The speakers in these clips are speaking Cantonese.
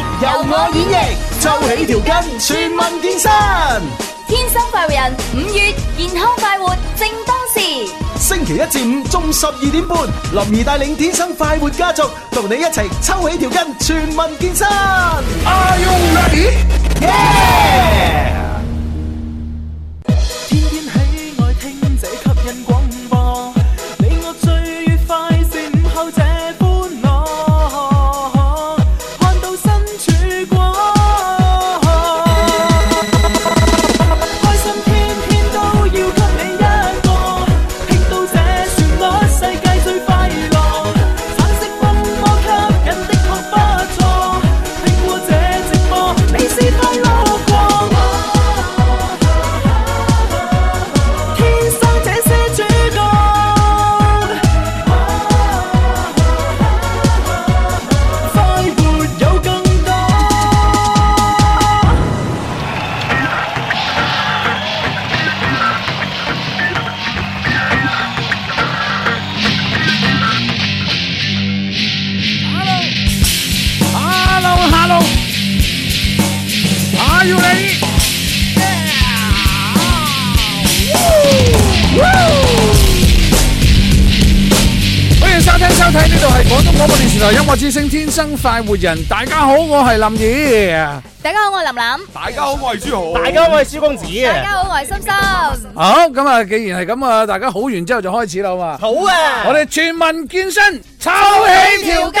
由我演繹，抽起條筋，全民健身。天生快活人，五月健康快活正當時。星期一至五中午十二點半，林怡帶領天生快活家族，同你一齊抽起條筋，全民健身。Are you ready? Yeah! 我自星天生快活人，大家好，我是林怡。大家好，我是林林。大家好，我是朱豪。大家好，我係朱公子。大家好，我係心心。好，咁啊，既然係咁啊，大家好完之後就開始啦好嘛。好啊，我哋全民健身，抽起條筋。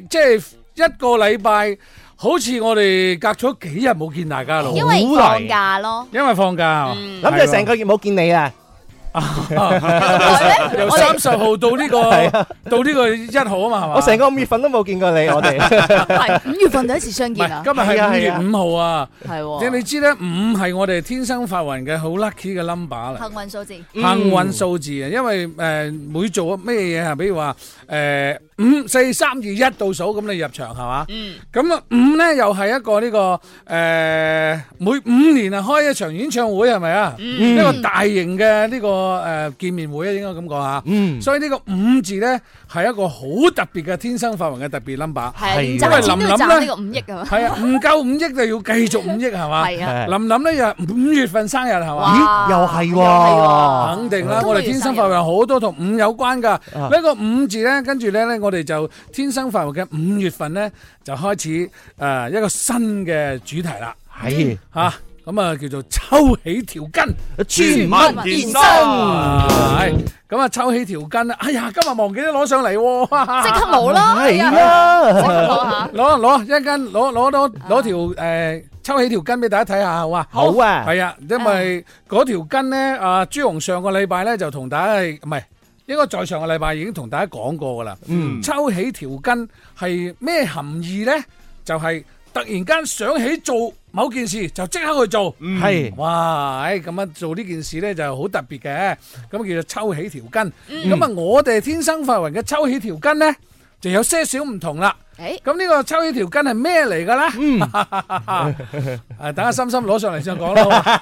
即係一個禮拜，好似我哋隔咗幾日冇見大家咯，好大。因為放假咯，因為放假，諗住成個月冇見你啊！由三十號到呢個，到呢個一號啊嘛，係嘛？我成個五月份都冇見過你，我哋。係五月份第一次相見啊！今日係五月五號啊，係。你你知咧，五係我哋天生發運嘅好 lucky 嘅 number 啦，幸運數字。幸運數字啊，因為誒，每做咩嘢啊，比如話誒。五四三二一倒數咁你入場係嘛？咁啊、嗯、五咧又係一個呢、這個誒、呃、每五年啊開一場演唱會係咪啊？嗯、一個大型嘅呢、這個誒、呃、見面會啊應該咁講吓。嗯、所以呢個五字咧係一個好特別嘅天生發明嘅特別 number。因為林林,林呢個五億啊，係啊唔夠五億就要繼續五億係嘛？林林咧又五月份生日係嘛？又係喎，肯定啦、啊！我哋天生發明好多同五有關噶呢、啊、個五字咧，跟住咧咧我。我哋就天生飯局嘅五月份咧，就開始誒、呃、一個新嘅主題啦。係吓的，咁啊就叫做抽起條筋，全民健身。係咁啊，抽起條筋啊就抽起條！哎呀，今日忘記咗攞上嚟，即刻冇啦！係啦的，攞攞一陣間，攞攞攞條誒，抽起條筋俾大家睇下，好啊？好啊！係啊，因為嗰條筋咧，阿、呃、朱紅上個禮拜咧就同大家唔係。應該在上個禮拜已經同大家講過噶啦，嗯，抽起條筋係咩含義呢？就係突然間想起做某件事就即刻去做，係哇，咁樣做呢件事呢就好特別嘅，咁叫做抽起條筋。咁啊，我哋天生發瘟嘅抽起條筋呢就有些少唔同啦。誒，咁呢個抽起條筋係咩嚟噶啦？嗯，誒，等下心心攞上嚟就講啦。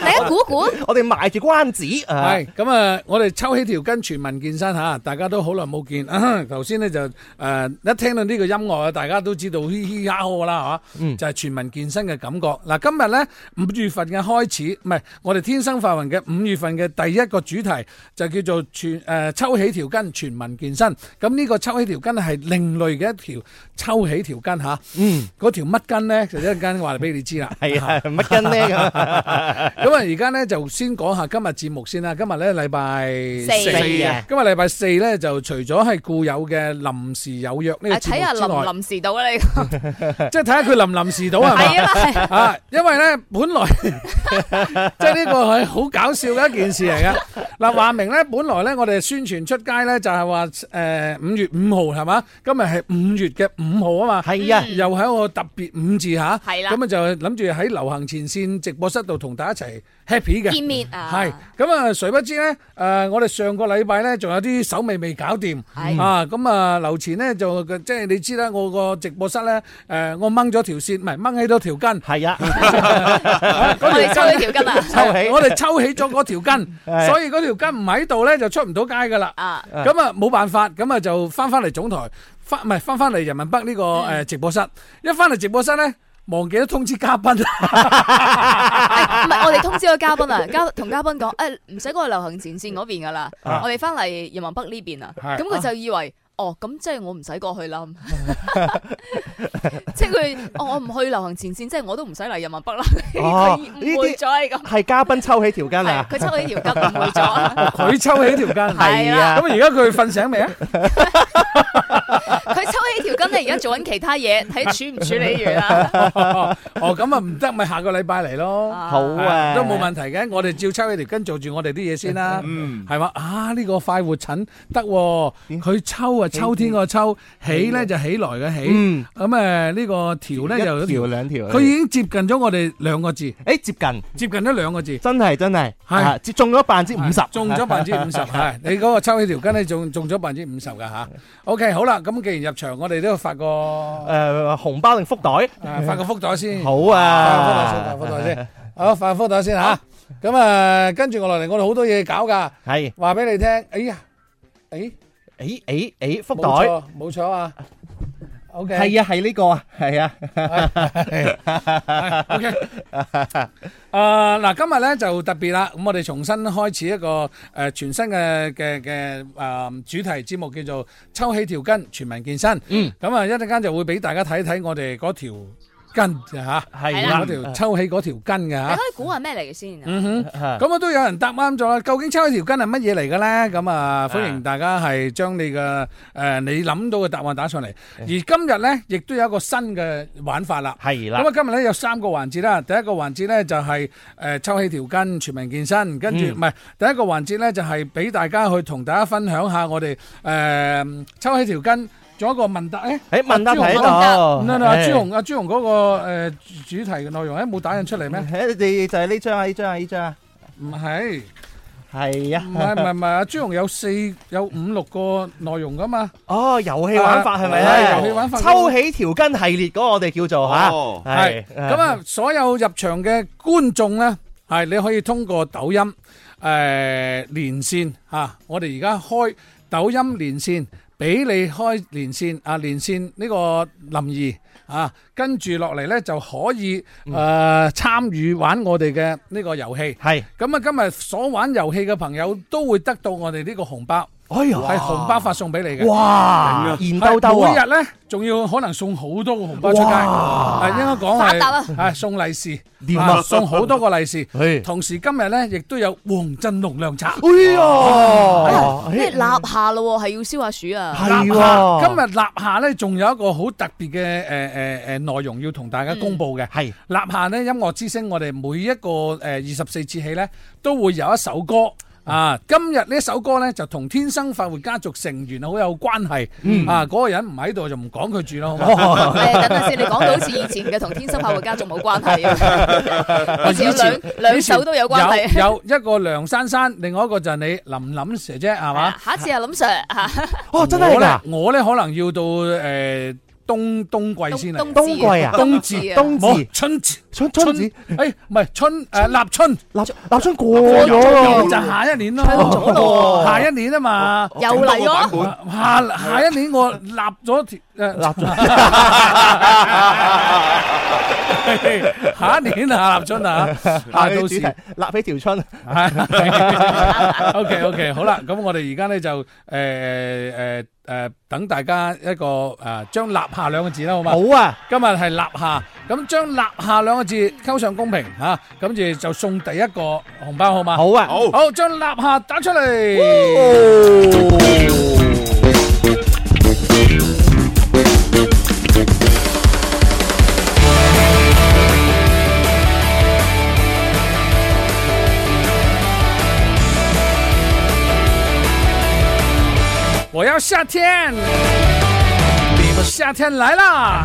等下鼓鼓，我哋埋住關子。係咁啊，我哋抽起條筋全民健身吓，大家都好耐冇見。頭先咧就誒，一聽到呢個音樂，大家都知道嘻嘻哈哈啦，係嘛？嗯，就係全民健身嘅感覺。嗱，今日咧五月份嘅開始，唔係我哋天生發運嘅五月份嘅第一個主題就叫做全誒抽起條筋全民健身。咁呢個抽起條筋係另類嘅。一條抽起條筋吓，嗯，嗰條乜筋咧，就一陣間話俾你知啦。係啊，乜筋咧咁。咁啊，而家咧，就先講下今日節目先啦。今日咧禮拜四啊，今日禮拜四咧，就除咗係固有嘅臨時有約呢個節目之外，睇下臨唔臨時到啦呢個，即係睇下佢臨唔臨時到係咪啊？因為咧本來即係呢個係好搞笑嘅一件事嚟嘅。嗱，話明咧本來咧我哋宣傳出街咧，就係話誒，五月五號係嘛，今日係。五月嘅五號啊嘛，係啊，又係一個特別五字吓，係啦，咁啊就諗住喺流行前線直播室度同大家一齊 happy 嘅見面啊，係咁啊，誰不知咧誒，我哋上個禮拜咧仲有啲手尾未搞掂啊，咁啊流前咧就即係你知啦，我個直播室咧誒，我掹咗條線唔係掹起咗條筋，係啊，我哋抽起條筋啦，抽起，我哋抽起咗嗰條筋，所以嗰條筋唔喺度咧就出唔到街噶啦，啊，咁啊冇辦法，咁啊就翻翻嚟總台。翻，唔係翻翻嚟人民北呢個誒直播室，嗯、一翻嚟直播室咧，忘記咗通知嘉賓啦。唔係、 哎、我哋通知個嘉賓啊，同 嘉賓講，誒唔使過去流行前線嗰邊噶啦，啊、我哋翻嚟人民北呢邊啊，咁佢是就以為。啊哦，咁即係我唔使過去啦， 即係佢、哦，我我唔去流行前線，即係我都唔使嚟人民北。啦，哦，呢啲再呢個係嘉賓抽起條筋嚟，佢 抽起條筋誤會咗，佢 抽起條筋係啊，咁而家佢瞓醒未啊？呢條筋你而家做緊其他嘢，睇處唔處理完啊？哦，咁啊唔得，咪下個禮拜嚟咯。好啊，都冇問題嘅。我哋照抽呢條筋，做住我哋啲嘢先啦。嗯，係嘛？啊，呢個快活診得，佢抽啊，秋天個抽起咧就起來嘅起。嗯，咁誒呢個條咧就一條兩條。佢已經接近咗我哋兩個字。誒，接近接近咗兩個字。真係真係係，中咗百分之五十，中咗百分之五十。係，你嗰個抽呢條筋咧，仲中咗百分之五十噶吓。O K，好啦，咁既然入場。我哋都要發個誒紅包定福袋，發個福袋先。好啊，福袋，發福袋先。好，發個福袋先吓。咁啊，跟住我落嚟，我哋好多嘢搞㗎。係，話俾你聽。哎呀，哎，哎，哎，哎，福袋，冇錯，冇錯啊。OK，係啊，係呢個啊，係啊。O K，啊嗱，今日咧就特別啦，咁我哋重新開始一個誒全新嘅嘅嘅誒主題節目，叫做抽起條筋全民健身。嗯，咁啊一陣間就會俾大家睇睇我哋嗰條。根嚇係啦，嗰條抽起嗰條筋嘅嚇，你可以估下咩嚟嘅先。嗯哼，咁我都有人答啱咗啦。究竟抽起條筋係乜嘢嚟嘅咧？咁啊，歡迎大家係將你嘅誒你諗到嘅答案打上嚟。而今日咧，亦都有一個新嘅玩法啦。係啦。咁啊，今日咧有三個環節啦。第一個環節咧就係誒抽起條筋全民健身，跟住唔係第一個環節咧就係俾大家去同大家分享下我哋誒抽起條筋。仲有一個問答，誒，誒問答喺度。嗱嗱，朱紅阿朱紅嗰個誒主題嘅內容咧，冇打印出嚟咩？誒，你哋就係呢張啊，呢張啊，呢張啊？唔係，係啊？唔係唔係阿朱紅有四有五六個內容噶嘛？哦，遊戲玩法係咪啊？遊戲玩法。抽起條筋系列嗰個我哋叫做吓，係。咁啊，所有入場嘅觀眾咧，係你可以通過抖音誒連線吓，我哋而家開抖音連線。俾你開連線，啊連線呢個林儀啊，跟住落嚟咧就可以誒參與玩我哋嘅呢個遊戲。係咁啊，今日所玩遊戲嘅朋友都會得到我哋呢個紅包。哎呀，係紅包發送俾你嘅哇鹽豆豆啊！每日咧，仲要可能送好多個紅包出街，係應該講發達啦，係送利是，連麥送好多個利是。同時今日咧，亦都有黃振龍涼茶。哎呀，即係立夏啦，係要燒下薯啊！係，今日立夏咧，仲有一個好特別嘅，誒誒誒內容要同大家公布嘅係立夏咧，音樂之聲，我哋每一個誒二十四節氣咧，都會有一首歌。啊！今日呢一首歌咧，就同天生快活家族成員好有關係。啊，嗰個人唔喺度就唔講佢住咯。等陣先，你講到好似以前嘅同天生快活家族冇關係。我兩兩首都有關係。有一個梁珊珊，另外一個就係你林林 sir 姐，係嘛？下次啊，林 sir。哦，真係。我咧，我咧可能要到誒冬冬季先啊。冬季啊，冬至，冬至，春至。春春，哎，唔係春，誒，立春，立立春過咗咯，就下一年咯，下一年啊嘛，又嚟咗，下下一年我立咗條，誒，立下，下一年啊，立春啊，下到時立起條春，OK OK，好啦，咁我哋而家咧就，誒誒誒誒，等大家一個誒，將立下兩個字啦，好嘛，好啊，今日係立下，咁將立下兩個。扣上公屏啊，跟住就送第一個紅包好嗎？好啊，好，好將立夏打出嚟。哦、我要夏天，夏天來啦！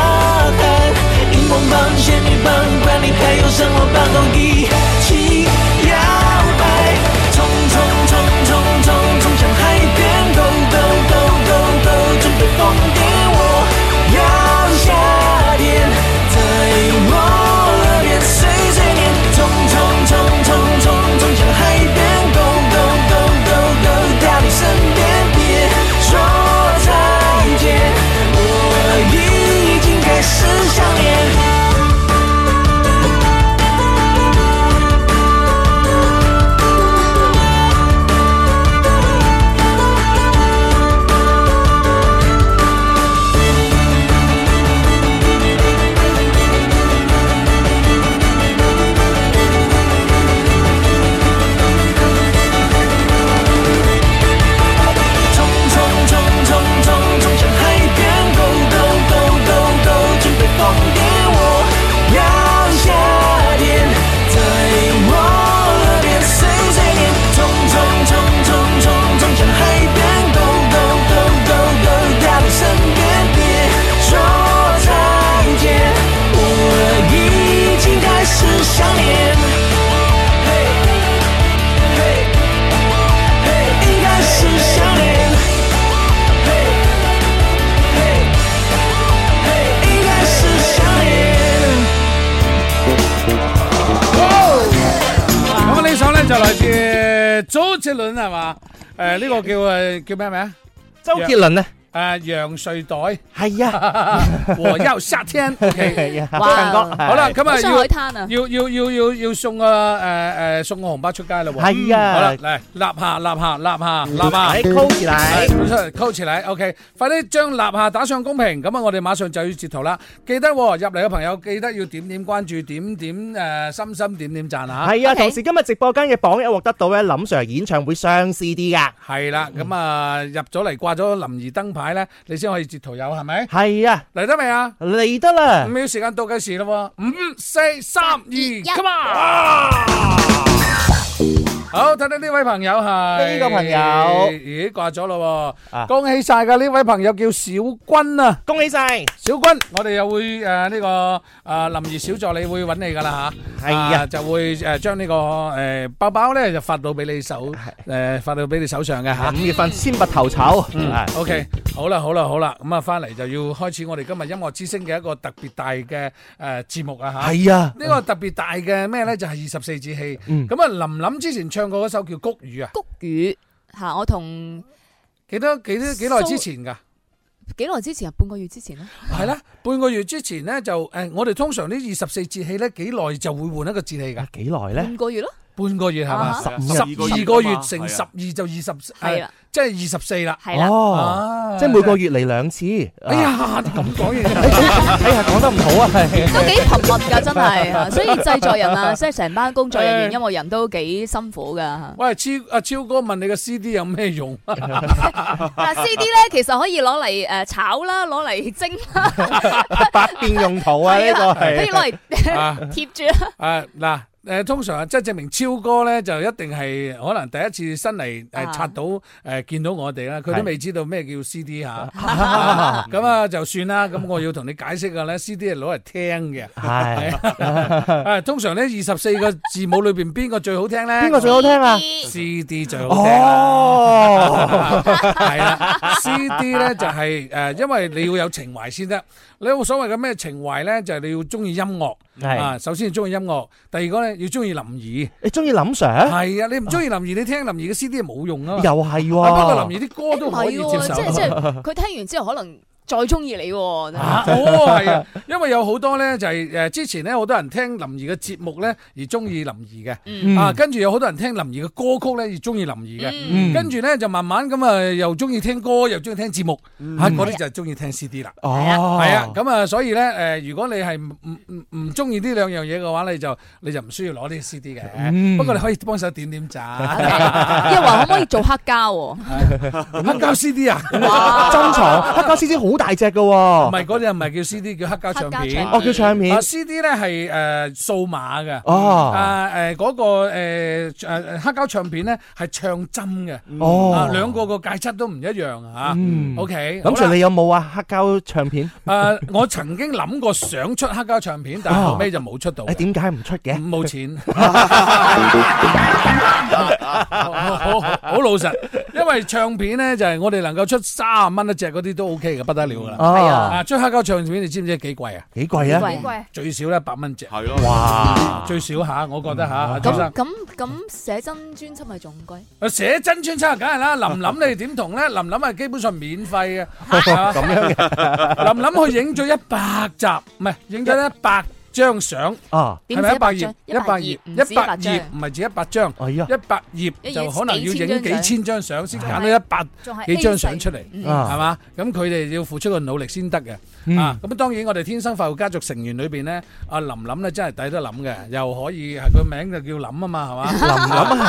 棒，仙女棒，管你還有什麼棒？都一起。周杰倫係嘛？誒、 哎，呢、這個叫叫咩名？周杰倫呢？Yeah. 誒，羊睡袋係啊，和優殺聽，哇，好啦，今日要要要要要送個誒誒送個紅包出街咯喎，係啊，好啦，嚟立下立下立下立下，扣起來，扣起來，OK，快啲將立下打上公屏，咁啊，我哋馬上就要截圖啦，記得入嚟嘅朋友記得要點點關注，點點誒心心點點讚啊，係啊，同時今日直播間嘅榜一獲得到咧，林 sir 演唱會雙 C D 噶，係啦，咁啊入咗嚟掛咗林怡燈牌。買咧，你先可以截圖友，係咪？係啊，嚟得未啊？嚟得啦！五秒時間倒計時咯，五、四 on、三、二、一，咁啊！好睇睇呢位朋友吓呢個朋友，咦掛咗咯，恭喜晒噶呢位朋友叫小君啊，恭喜晒小君，我哋又會誒呢個誒林怡小助理會揾你噶啦吓，係啊，就會誒將呢個誒包包咧就發到俾你手誒發到俾你手上嘅吓，五月份先拔頭籌，嗯，OK，好啦好啦好啦，咁啊翻嚟就要開始我哋今日音樂之聲嘅一個特別大嘅誒節目啊吓，係啊，呢個特別大嘅咩咧就係二十四節氣，嗯，咁啊琳琳之前唱。唱過嗰首叫《穀雨》啊，《穀雨》吓，我同幾多幾多幾耐之前噶？幾耐之前啊？半個月之前啦、啊。係啦、啊，半個月之前咧就誒，我哋通常呢二十四節氣咧幾耐就會換一個節氣噶？幾耐咧？半個月咯。半個月係嘛？十二個月乘十二就二十，即係二十四啦。哦，即係每個月嚟兩次。哎呀，咁講嘢，哎呀，講得唔好啊，都幾頻密㗎，真係。所以製作人啊，所以成班工作人員、音樂人都幾辛苦㗎。喂，超阿超哥，問你個 CD 有咩用？嗱，CD 咧其實可以攞嚟誒炒啦，攞嚟蒸啦，百變用途啊！呢個係可以攞嚟貼住啊。啊嗱。誒，通常啊，即係證明超哥咧就一定係可能第一次新嚟，誒，刷到誒見到我哋啦，佢都未知道咩叫 CD 吓，咁啊就算啦。咁我要同你解釋嘅咧，CD 係攞嚟聽嘅。係，誒，通常咧二十四個字母裏邊邊個最好聽咧？邊個最好聽啊？CD 最好聽。哦，係啦，CD 咧就係誒，因為你要有情懷先得。你有所謂嘅咩情懷咧，就係你要中意音樂。係，首先要中意音樂，第二個咧。要中意林怡、欸，你中意林 sir？係啊，你唔中意林怡，啊、你聽林怡嘅 CD 冇用的又是啊。又係喎，不過林怡啲歌都可以接受、欸。佢、啊、是 即係聽完之後可能。再中意你喎？哦，係啊，因為有好多咧，就係誒，之前咧好多人聽林儀嘅節目咧而中意林儀嘅，啊，跟住有好多人聽林儀嘅歌曲咧而中意林儀嘅，跟住咧就慢慢咁啊，又中意聽歌，又中意聽節目，啊，嗰啲就係中意聽 C D 啦。哦，係啊，咁啊，所以咧誒，如果你係唔唔中意呢兩樣嘢嘅話，你就你就唔需要攞呢 C D 嘅。不過你可以幫手點點讚，即係話可唔可以做黑膠？黑膠 C D 啊？珍藏黑膠 C D 好。大隻㗎喎，唔係嗰啲又唔係叫 CD，叫黑膠唱片，哦，叫唱片，啊 CD 咧係誒數碼嘅，哦，啊嗰個誒黑膠唱片咧係唱針嘅，哦，兩個個介質都唔一樣嚇，嗯，OK。咁陳你有冇啊黑膠唱片？誒，我曾經諗過想出黑膠唱片，但後尾就冇出到。你點解唔出嘅？冇錢，好老實。因為唱片咧就係我哋能夠出三十蚊一隻嗰啲都 O K 嘅，不得了噶啦。哦，啊，出黑膠唱片你知唔知幾貴啊？幾貴啊？幾貴？最少咧一百蚊隻。係咯。哇，最少吓，我覺得吓。咁咁咁寫真專輯咪仲貴？啊，寫真專輯梗係啦。林林你點同咧？林林係基本上免費嘅，係嘛？咁樣嘅。林林去影咗一百集，唔係影咗一百。張相啊，係咪一百頁？一百頁，一百頁唔係只一百張。哎呀，一百頁就可能要影幾千張相，先揀到一百幾張相出嚟，係嘛？咁佢哋要付出個努力先得嘅。啊，咁當然我哋天生富豪家族成員裏邊咧，阿林林咧真係抵得諗嘅，又可以係個名就叫林啊嘛，係嘛？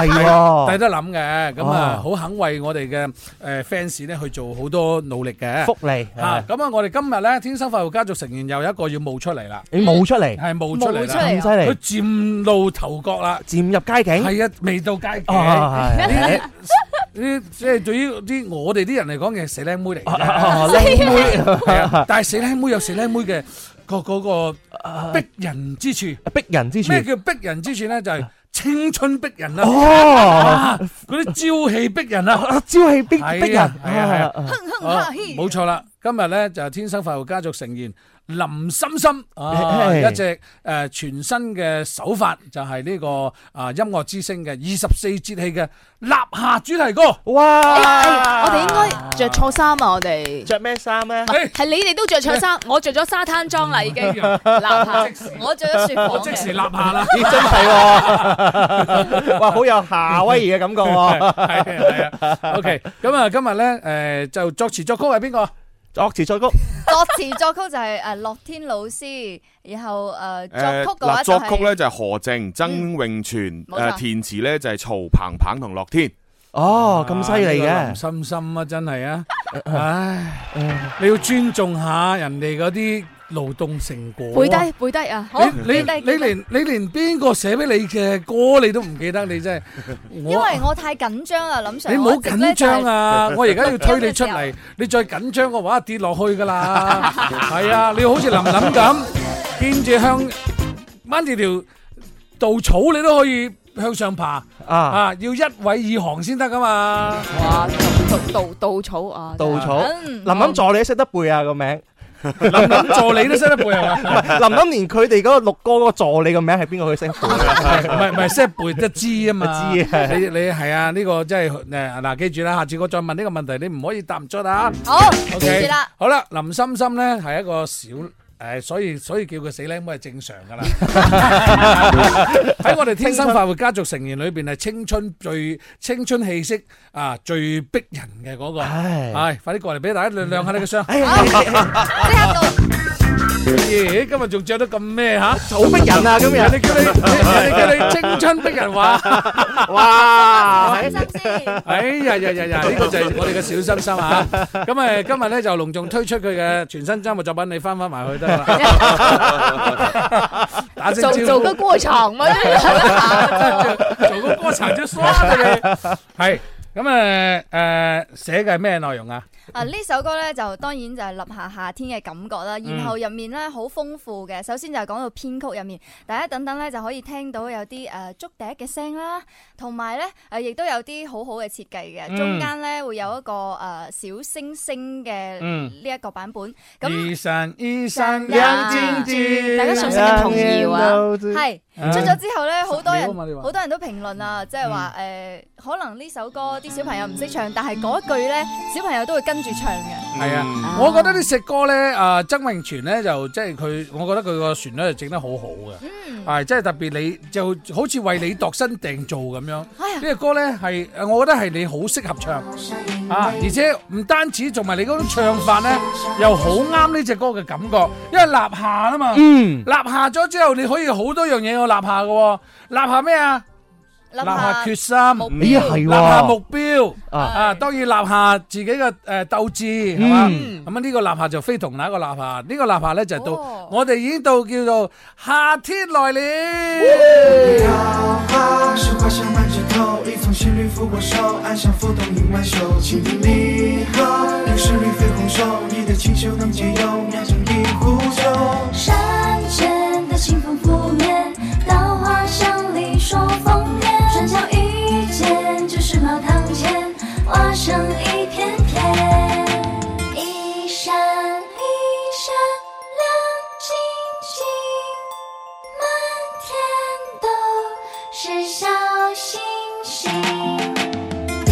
林林係抵得諗嘅，咁啊好肯為我哋嘅誒 fans 咧去做好多努力嘅福利。吓咁啊！我哋今日咧天生富豪家族成員又有一個要冒出嚟啦，你冒出嚟。係冒出嚟啦，咁犀利！佢漸露頭角啦，漸入佳境。係啊，未到佳境。呢即係對於啲我哋啲人嚟講嘅，死靚妹嚟。死靚妹但係死靚妹有死靚妹嘅個個逼人之處。逼人之處咩叫逼人之處咧？就係青春逼人啦。嗰啲朝氣逼人啊，朝氣逼逼人。係啊係啊。冇錯啦，今日咧就係天生快樂家族成員。林深深啊，一隻誒全新嘅手法就係呢個啊音樂之聲嘅二十四節氣嘅立夏主題歌，哇！我哋應該着錯衫啊！我哋着咩衫咧？係你哋都着錯衫，我着咗沙灘裝啦，已經立夏，我着咗雪紡。即時立夏啦，你真係，哇，好有夏威夷嘅感覺。係啊係啊，OK，咁啊，今日咧誒，就作詞作曲係邊個？作詞作曲， 作詞作曲就係誒樂天老師，然後誒、呃呃、作曲嘅，就，話，是呃、作曲咧就係何靜、曾永全，誒、嗯呃、填詞咧就係曹鵬鵬同樂天。哦，咁犀利嘅。啊，這個、林心心啊，真係啊， 唉，你要尊重下人哋嗰啲。勞動成果背低背低啊！你你你連你連邊個寫俾你嘅歌你都唔記得，你真係。因為我太緊張啊，林 Sir。你唔好緊張啊！我而家要推你出嚟，你再緊張嘅話跌落去噶啦。係啊，你好似林林咁，見住向掹住條稻草，你都可以向上爬啊！啊，要一位二行先得噶嘛。哇！稻稻稻草啊！稻草林林助你都識得背啊個名。 林林助理都識得背係嘛？唔 係林林連佢哋嗰個六哥個助理個名係邊個佢識背？唔係唔係識背即係知啊嘛？知 啊，你你係啊，呢個即係誒嗱，記住啦，下次我再問呢個問題，你唔可以答唔出啊！好 Okay 記住啦，好啦，林心心咧係一個小。誒、呃，所以所以叫佢死靚妹係正常㗎啦。喺 我哋天生快活家族成員裏邊，係青春最青春氣息啊，最逼人嘅嗰，那個。係唉，快啲過嚟俾大家涼涼下你嘅傷。咦，今日仲着得咁咩吓好逼人啊！今日人哋叫你，人哋叫你青春逼人話，哇！係真先。哎呀呀呀，呢個就係我哋嘅小心心啊！咁誒，今日咧就隆重推出佢嘅全新周末作品，你翻翻埋去得。做做個過場嘛，做個過場就算啦，係。咁誒，誒，寫嘅係咩內容啊？啊，呢首歌咧就當然就係立夏夏天嘅感覺啦。然後入面咧好豐富嘅，首先就係講到編曲入面，大家等等咧就可以聽到有啲誒竹笛嘅聲啦，同埋咧誒亦都有啲好好嘅設計嘅。中間咧會有一個誒小星星嘅呢一個版本。咁醫生醫生，陰天天，大家熟悉嘅童謠啦，係出咗之後咧，好多人好多人都評論啊，即係話誒，可能呢首歌。啲小朋友唔識唱，但係嗰一句呢，小朋友都會跟住唱嘅。係啊，啊我、呃，我覺得呢隻歌呢，啊、嗯，曾永全呢，就即係佢，我覺得佢個旋律就整得好好嘅。係，即係特別你就好似為你度身定做咁樣。呢隻、哎、呀歌呢，係，我覺得係你好適合唱啊，而且唔單止仲埋你嗰種唱法呢，又好啱呢隻歌嘅感覺，因為立下啦嘛。嗯，立下咗之後，你可以好多樣嘢要立下嘅，哦。立下咩啊？立下決心，立下目標，啊當然、啊啊、立下自己嘅誒鬥志，係嘛，咁呢個立下就非同那一個立下，呢、這個立下咧就係到我哋已經到叫做夏天來了、哦嗯。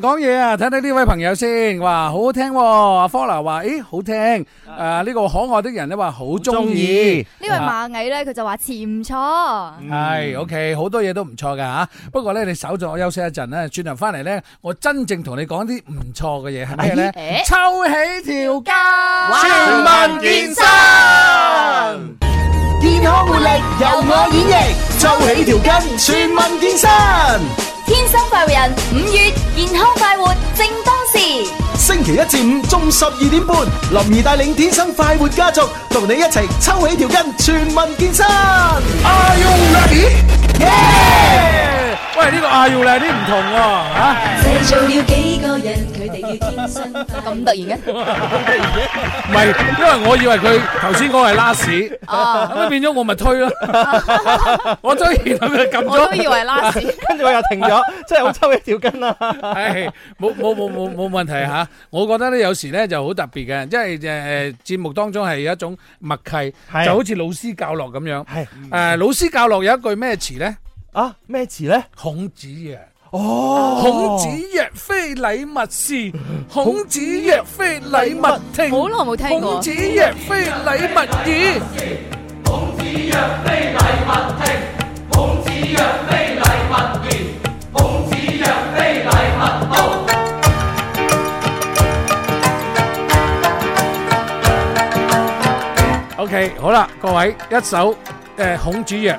講嘢啊！睇睇呢位朋友先，話好好聽。阿 Flora 話：誒，好聽。誒，呢個可愛的人咧話好中意。呢位螞蟻咧，佢就話：似唔錯。係，OK，好多嘢都唔錯嘅吓。不過咧，你稍作休息一陣咧，轉頭翻嚟咧，我真正同你講啲唔錯嘅嘢係咩咧？抽起條筋全民健身，健康活力由我演繹，抽起條筋全民健身。天生快活人，五月健康快活正當時。星期一至五中午十二點半，林兒帶領天生快活家族，同你一齊抽起條筋，全民健身。Are you ready? Yeah! 喂，呢、這個阿耀咧啲唔同喎生咁突然嘅，唔係， 因為我以為佢頭先個係拉屎 s 咁啊 變咗我咪推咯，啊、 我都以為拉屎，跟住我又停咗，真係好抽一條筋啊！係、啊，冇冇冇冇冇問題吓、啊，我覺得咧有時咧就好特別嘅，即係誒節、呃、目當中係有一種默契，啊、就好似老師教落咁樣，誒、啊呃、老師教落有一句咩詞咧？啊，咩詞咧？孔子曰哦，孔子曰非禮勿視，孔子曰非禮勿聽，好耐冇聽過。孔子曰非禮勿言，孔子曰非禮勿聽，孔子曰非禮勿言，孔子曰非禮勿動。OK，好啦，各位，一首誒，孔子曰。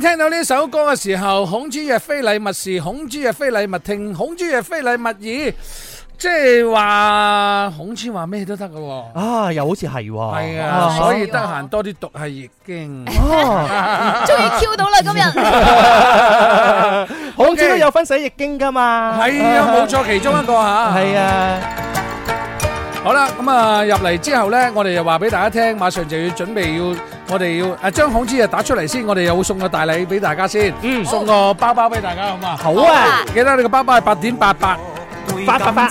聽到呢首歌嘅時候，孔子亦非禮勿視，孔子亦非禮勿聽，孔子亦非禮勿言，即係話孔子話咩都得嘅喎。啊，又好似係喎，係啊，啊所以得閒多啲讀係易經。終於 Q 到啦，今日 孔子都有分寫易經噶嘛？係啊，冇錯，其中一個啊，係啊。好啦，咁啊入嚟之後呢，我哋又話俾大家聽，馬上就要準備要我哋要啊將孔子啊打出嚟先，我哋又會送個大禮俾大家先，嗯、好送個包包俾大家好好啊！好啊，記得你個包包係八點八八八八八。哦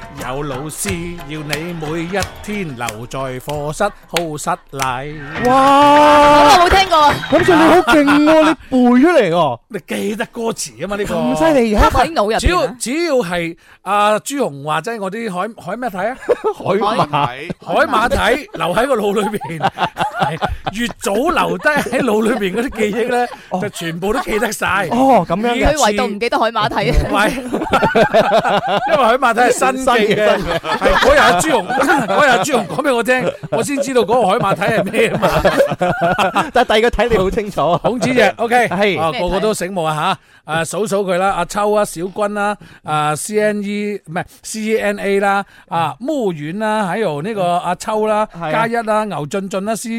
有老師要你每一天留在課室，好失禮。哇！我冇聽過，咁算你好勁喎！你背出嚟哦，你記得歌詞啊嘛？呢個咁犀利，一睇腦入邊。只要只要係阿朱紅話，即係我啲海海咩體啊？海馬體，海馬體留喺個腦裏邊，越早留低喺腦裏邊嗰啲記憶咧，就全部都記得晒。哦，咁樣啊，唯獨唔記得海馬體啊？喂，因為海馬體係新記。嗰日阿朱紅，嗰日阿朱紅，講俾我聽，我先知道嗰個海馬體係咩嘛。但係第二個睇你好清楚，啊，孔子爺，O K，係，個個都醒目啊吓。誒、啊，數數佢啦，阿、啊、秋啊，小君啦，啊 C N E 唔係 C N A 啦，啊，墓遠啦，喺度呢個阿、啊、秋啦、啊，啊、加一啦、啊，牛俊俊啦，斯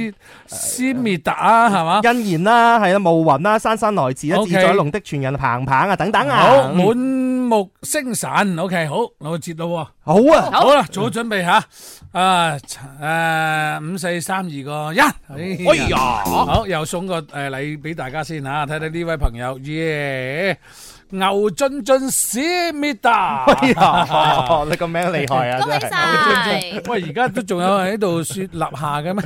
斯密達啊，係嘛、啊，啊、吧欣然啦、啊，係啦、啊，慕云啦、啊，姍姍來自啦、啊，okay, 自在龍的傳人、啊、彭彭啊，等等啊，好，滿目星辰，O K，好，我接到。好啊，好啦，做好準備吓。啊，誒，五四三二個一。哎呀，好，又送個誒禮俾大家先吓。睇睇呢位朋友，耶，牛津津史密達。哎呀，你個名厲害啊！恭喜晒。喂，而家都仲有人喺度說立下嘅咩？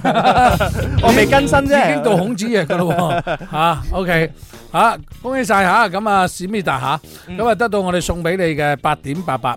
我未更新啫，已經到孔子爺噶啦。吓，OK，吓，恭喜晒吓。咁啊，史密達吓，咁啊得到我哋送俾你嘅八點八八。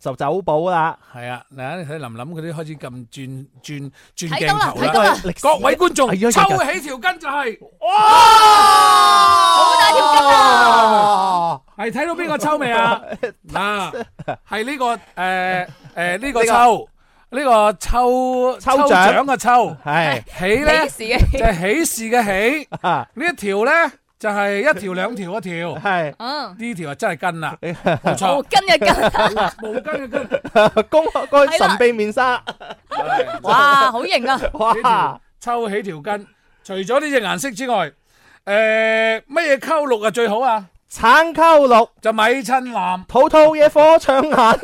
就走寶啦，係啊！嗱，你睇林林嗰啲開始撳轉轉轉鏡頭啦，各位觀眾，抽起條筋就係，哇，好大條筋啊！係睇到邊個抽未啊？嗱，係呢個誒誒呢個抽呢個抽抽獎嘅抽係起咧，即係喜事嘅起呢一條咧。就係一條兩條一條，係，呢條啊真係根啦，唔錯，毛巾嘅根，毛巾嘅根，公開神秘面紗，哇，好型啊，哇，抽起條根，除咗呢隻顏色之外，誒，乜嘢溝綠啊最好啊，橙溝綠就米襯藍，土土嘢火搶眼，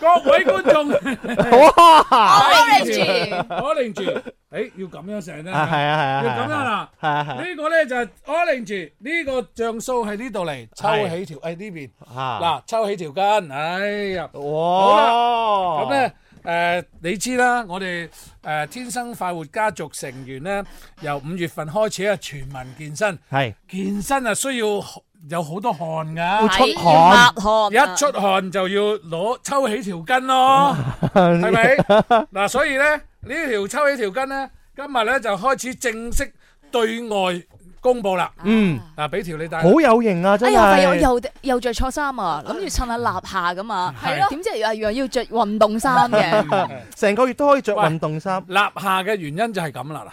各位觀眾，哇，Orange，Orange。誒，要咁樣成啦，係啊係啊，要咁樣啦，係啊係啊。呢個咧就係 hold 住呢個賬數喺呢度嚟，抽起條誒呢邊，嗱，抽起條筋，哎呀，哇，好啦，咁咧誒你知啦，我哋誒天生快活家族成員咧，由五月份開始啊，全民健身，係健身啊，需要有好多汗噶，要出汗，一出汗就要攞抽起條筋咯，係咪？嗱，所以咧。呢條抽起條巾咧，今日咧就開始正式對外公布啦。嗯，啊，俾條你戴。好有型啊，真係、哎哎。又又着錯衫啊，諗住襯下立夏噶嘛。係咯是。點知又又要着運動衫嘅？成 個月都可以着運動衫。立夏嘅原因就係咁啦。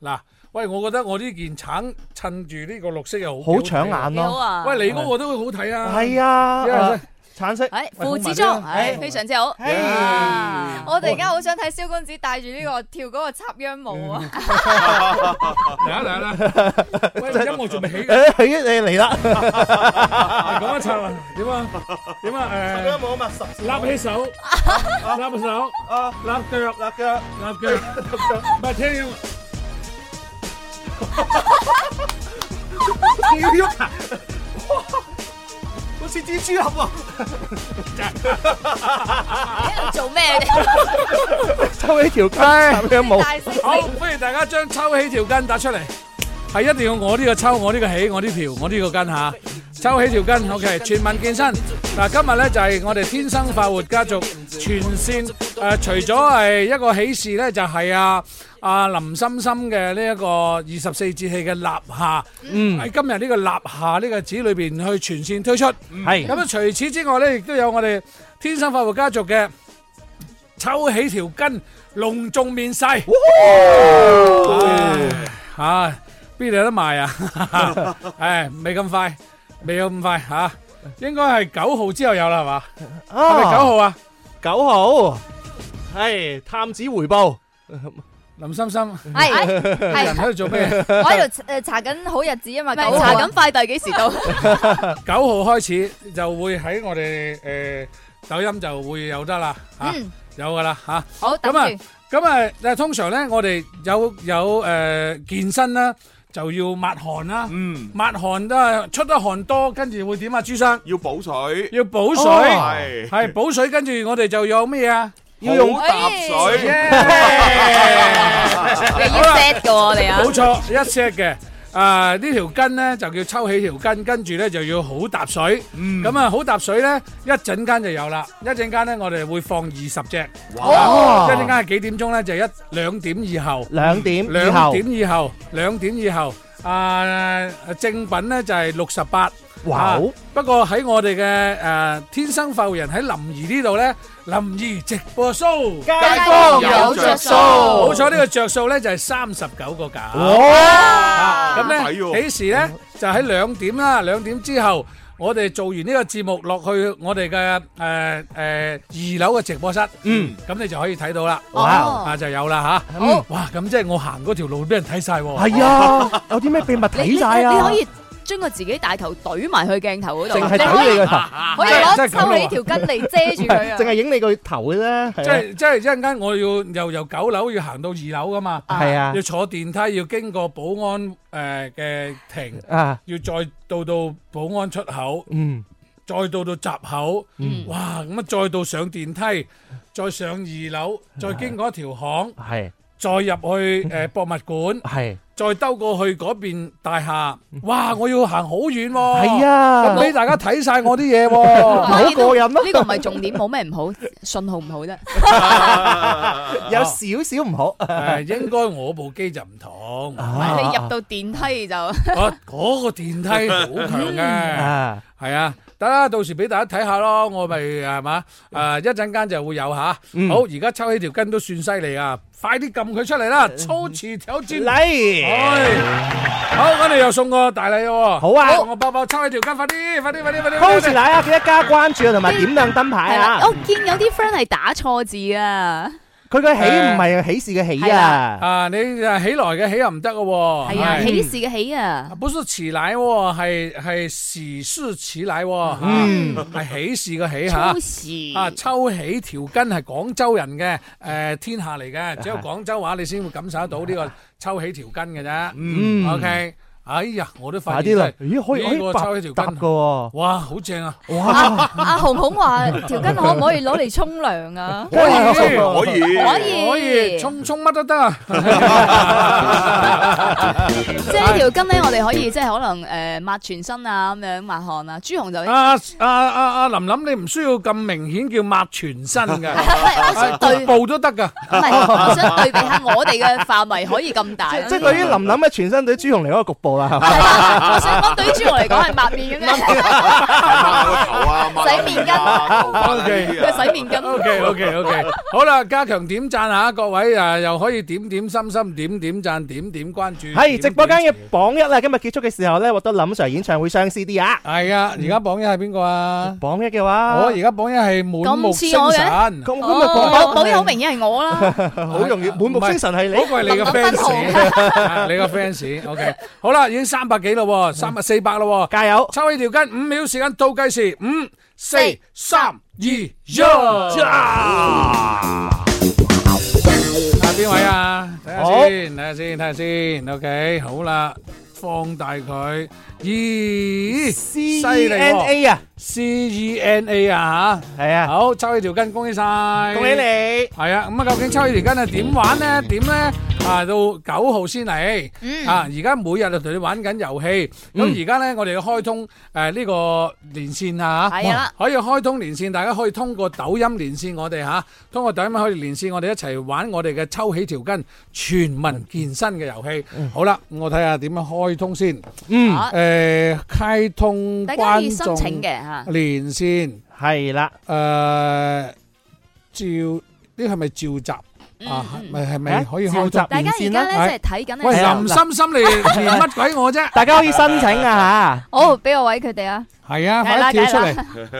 嗱，喂，我覺得我呢件橙襯住呢個綠色又好，好搶眼咯，啊。好啊，喂，你嗰個都會好睇啊。係啊。橙色，哎，父子裝，哎，非常之好。我突然間好想睇蕭公子戴住呢個跳嗰個插秧舞啊！嚟啦嚟啦，喂，音樂仲未起嘅，起誒嚟啦！講緊插啊，點啊點啊誒，插秧舞啊嘛，手，拉起手，拉起手啊，拉腳拉腳拉腳拉腳，唔係插秧。哈哈哈哈哈哈！你點解？似蜘蛛俠喎，啊，喺 度做咩？抽起條筋，咩冇？好，歡迎大家將抽起條筋打出嚟，係一定要我呢個抽，我呢個起，我呢條，我呢個筋吓，抽起條筋，OK，全民健身。嗱，今日咧就係我哋天生快活家族。全線誒，除咗係一個喜事咧，就係阿阿林森森嘅呢一個二十四節氣嘅立夏，嗯，喺今日呢個立夏呢個子裏邊去全線推出，係咁啊。除此之外咧，亦都有我哋天生發物家族嘅抽起條筋隆重面世，吓，邊度有得賣啊？誒，未咁快，未有咁快吓，應該係九號之後有啦，係嘛？係咪九號啊？九號係探子回報，林心心係係喺度做咩？我喺度誒查緊好日子啊嘛，咪查緊快遞幾時到？九號開始就會喺我哋誒抖音就會有得啦，嗯，有噶啦吓。好，等住。咁啊，咁啊，通常咧，我哋有有誒健身啦。就要抹汗啦，嗯，抹汗都係出得汗多，跟住會點啊？朱生要補水，要補水，係補、oh、my. 水，跟住我哋就有咩啊？泡要用踏水，要 set 嘅我哋啊，冇錯，一 set 嘅。啊！呢條筋呢，就叫抽起條筋，跟住呢，就要好揼水。咁啊、嗯，好揼水呢，一陣間就有啦。一陣間呢，我哋會放二十隻。哇啊、一陣間係幾點鐘呢？就一兩點以後。嗯、兩點。兩點以後。兩點以後。啊！正品呢就，就係六十八。哇！不過喺我哋嘅，誒，天生浮人喺林儀呢度咧，林儀直播 show 街坊有着數，好彩呢個着數咧就係三十九個㗎。哇，咁咧幾時咧就喺兩點啦，兩點之後我哋做完呢個節目落去我哋嘅，誒誒二樓嘅直播室，嗯，咁你就可以睇到啦。哇，啊就有啦吓。哇，咁即係我行嗰條路俾人睇晒。係啊，有啲咩秘密睇晒啊？你可以。將佢自己大頭懟埋去鏡頭嗰度，淨係影你個頭，可以攞收起條筋嚟遮住佢。淨係影你個頭嘅啫。即係即係一陣間，我要又由九樓要行到二樓噶嘛。係啊，要坐電梯，要經過保安誒嘅亭，要再到到保安出口，嗯，再到到閘口，哇，咁啊，再到上電梯，再上二樓，再經過一條巷，係，再入去誒博物館，係。再兜過去嗰邊大廈，哇！我要行好遠喎。係啊，咁俾大家睇晒我啲嘢，好 過癮咯。呢、啊、 個唔係重點，冇咩唔好，信號唔好啫，啊啊、 有少少唔好。啊、應該我部機就唔同，你入到電梯就。嗰、啊那個電梯好強嘅，係 啊。得啦，到時俾大家睇下咯，我咪係嘛，誒，一陣間就會有吓。嗯、好，而家抽起條筋都算犀利啊！快啲撳佢出嚟啦，抽起條筋禮。好，我哋又送個大禮喎。好啊，好，我爆爆抽起條筋，快啲，快啲，快啲，快啲。同時嚟啊，記得加關注啊，同埋點亮燈牌啊，啊。我見有啲 friend 係打錯字啊。佢嘅喜唔係喜事嘅喜啊！啊，你係、嗯、起來嘅喜又唔得嘅，係啊喜事嘅喜啊！不是遲奶，係係時事遲奶，係喜事嘅喜吓。秋啊，秋起條根係廣州人嘅，誒、呃、天下嚟嘅，只有廣州話、啊、你先會感受得到呢個秋起條根嘅啫。嗯，嗯，OK。哎呀，我都快啲嚟！咦，可以喎，抽一條筋，哇，好正啊！哇，阿紅紅話條筋可唔可以攞嚟沖涼啊？可以沖涼，可以，可以，可以沖沖乜都得啊！即係呢條筋咧，我哋可以即係可能誒抹全身啊，咁樣抹汗啊。朱紅就阿阿阿阿林林，你唔需要咁明顯叫抹全身噶，局部都得噶。我係想對比下我哋嘅範圍可以咁大。即係對於林林嘅全身，對朱紅嚟講局部。係啦，我洗面對於朱華嚟講係抹面咁樣，洗面巾，O K，洗面巾，O K O K O K，好啦，加強點讚吓，各位啊，又可以點點心心，點點讚，點點關注，係直播間嘅榜一啦，今日結束嘅時候咧，我都林 Sir 演唱會相思啲啊，係啊，而家榜一係邊個啊？榜一嘅話，我而家榜一係滿目星辰，咁咁啊榜一榜一好明顯係我啦，好容易滿目星辰係你，好貴你嘅 fans，你嘅 fans，O K，好啦。.已經三百幾咯，三百四百咯，加油、嗯！抽起條筋，五秒時間倒計時，五、四、三、二、一，出啦！係邊位啊？睇下先，睇下好先，睇下先，OK，好啦，放大佢。E C N A 啊，C E N A 啊吓，係啊，好，抽起條筋，恭喜晒，恭喜你，係啊，咁啊究竟抽起條筋啊點玩咧？點咧？啊到九號先嚟，啊而家每日就同你玩緊遊戲，咁而家咧我哋要開通誒呢個連線啊吓，係啦，可以開通連線，大家可以通過抖音連線我哋吓，通過抖音可以連線我哋一齊玩我哋嘅抽起條筋全民健身嘅遊戲，好啦，我睇下點樣開通先，嗯，誒。誒，開通觀眾連線係啦，誒，召啲，係咪召集啊？咪係咪可以召集連線咧？大家而家咧即係睇緊。喂，林心心嚟乜鬼我啫？大家可以申請噶吓，好，俾個位佢哋啊。係啊，快跳出嚟，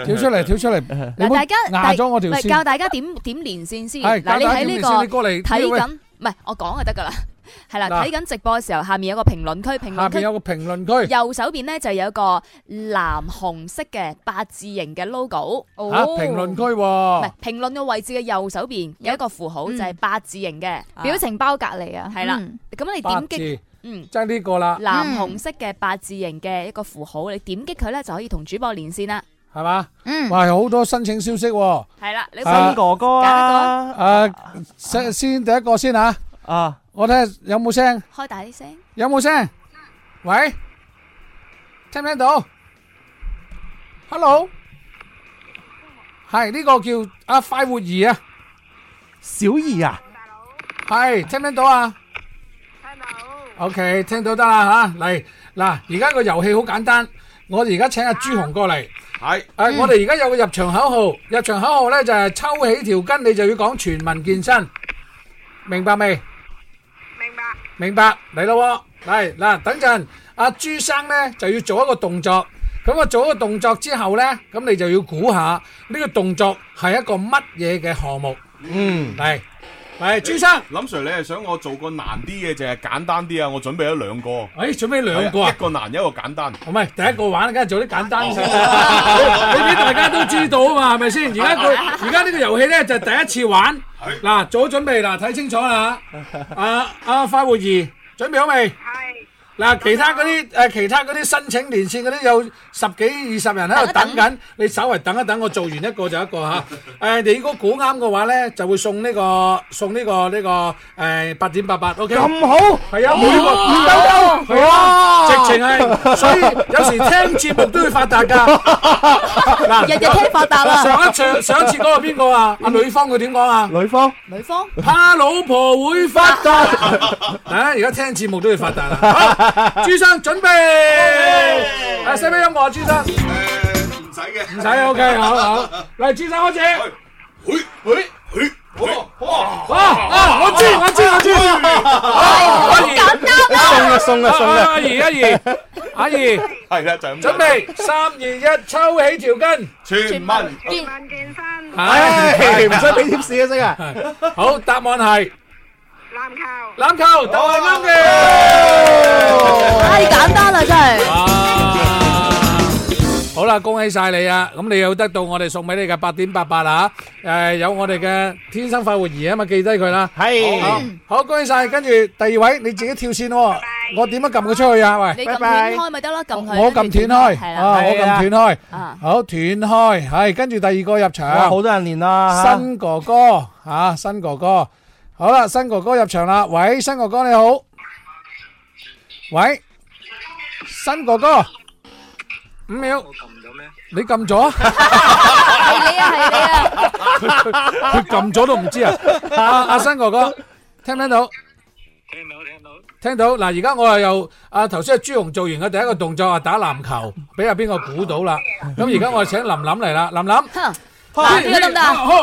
跳出嚟，跳出嚟！你大家壓咗我條線，教大家點點連線先。係嗱，你喺呢個，你過嚟睇緊，唔係我講就得噶啦。係啦，睇緊直播嘅時候，下面有個評論區。評論區，下面有個評論區。右手邊咧就有一個藍紅色嘅八字形嘅 logo。吓，評論區喎？唔係評論嘅位置嘅右手邊有一個符號，就係八字形嘅表情包隔籬啊。係啦，咁你點擊，嗯，即係呢個啦。藍紅色嘅八字形嘅一個符號，你點擊佢咧就可以同主播連線啦。係嘛？嗯，哇，有好多申請消息。係啦，你信哥哥啊？誒，先先第一個先吓啊！我睇下有冇聲，開大啲聲。有冇聲？喂，聽唔聽到？Hello，係呢個叫啊快活兒啊，小兒啊，大佬，係聽唔聽到啊？聽到。OK，聽到得啦吓，嚟嗱，而家個遊戲好簡單，我哋而家請阿朱紅過嚟。係，誒，我哋而家有個入場口號，入場口號咧就係抽起條筋，你就要講全民健身，明白未？明白嚟咯，係嗱，等陣阿、啊、朱生咧，就要做一個動作，咁我做一個動作之後咧，咁你就要估下呢個動作係一個乜嘢嘅項目，嗯，係。係朱生，林 Sir，你係想我做個難啲嘅定係簡單啲啊？我準備咗兩個。誒、欸，準備兩個啊，一個難一個簡單。唔係，第一個玩，梗係做啲簡單先。俾大家都知道啊嘛，係咪先？而家個而家呢個遊戲咧就是、第一次玩。嗱是，做好準備啦，睇清楚啦 啊！阿、啊、阿快活兒，準備好未？係。嗱，其他嗰啲其他嗰啲申請連線嗰啲有十幾二十人喺度等緊，等等你稍為等一等，我做完一個就一個你誒、 啊，你如果估啱嘅話咧，就會送呢、這個送呢、這個呢、這個誒八點八八，O K。咁、呃 okay？好，係啊，每哇、這個二九、啊、九，係啊。直情係，所以有時聽節目都會發達噶。嗱，日日聽發達啦。上一次上次嗰個邊個啊？阿女方佢點講啊？女方，女方怕老婆會發達。誒，而家聽節目都會發達啦。朱生準備，使咩音樂，朱生。誒，都唔使嘅，唔使 OK，好好。嚟朱生開始。哇哇啊！我知我知我知，太簡單啦！送啊送啊送啊！阿怡阿怡阿怡，係啦就咁。準備三二一，抽起條筋，全民全民健身。係唔使俾貼士啊？識啊！好，答案係籃球，籃球就係啱嘅。太簡單啦，真係。好啦，恭喜晒你啊！咁你又得到我哋送俾你嘅八點八八啦！誒，有我哋嘅天生快活兒啊嘛，記低佢啦。係，好恭喜晒。跟住第二位，你自己跳線，我點樣撳佢出去啊？喂，你撳斷開咪得咯？我撳斷開，我撳斷開。好斷開，係跟住第二個入場。好多人練啦，新哥哥吓，新哥哥，好啦，新哥哥入場啦。喂，新哥哥你好，喂，新哥哥。五秒，我撳咗咩？你撳咗？係你啊，係你啊！佢佢佢撳咗都唔知啊！阿阿新哥哥，聽唔聽到？聽到，聽到。聽到，嗱，而家我又又阿頭先阿朱紅做完嘅第一個動作啊，打籃球，俾阿邊個估到啦？咁而家我請林林嚟啦，林林。難啲得唔得啊？好，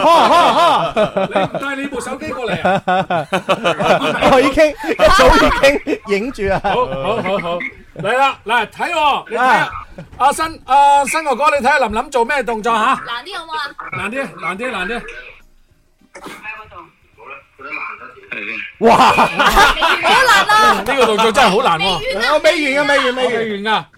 哈哈哈哈！你帶你部手機過嚟啊！我已經，一早已經影住啊！好，好好好，嚟啦，嚟睇喎，啊，阿新，阿新哥哥，你睇下林琳做咩動作吓？難啲好唔好啊？難啲，難啲，難啲。咩動作？好啦，佢都難得啲。哇，好難啊！呢個動作真係好難喎。我未完噶，未完，未完噶。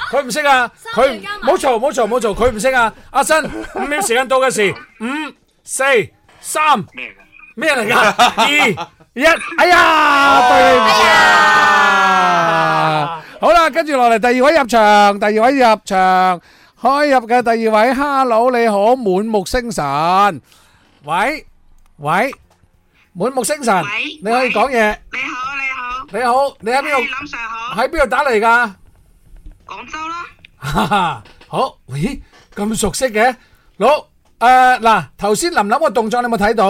佢唔識啊！佢唔冇錯冇錯冇錯，佢唔識啊！阿新五秒時間到嘅時，五四三咩嘅？咩嚟噶？二一哎呀！對唔住！哎呀！好啦，跟住落嚟第二位入場，第二位入場開入嘅第二位，Hello，你好，滿目星辰，喂喂，滿目星辰，你可以講嘢。你好你好你好，你喺邊度？林 Sir 好，喺邊度打嚟噶？廣州啦，好咦，咁熟悉嘅，老誒嗱，頭先林琳個動作你有冇睇到？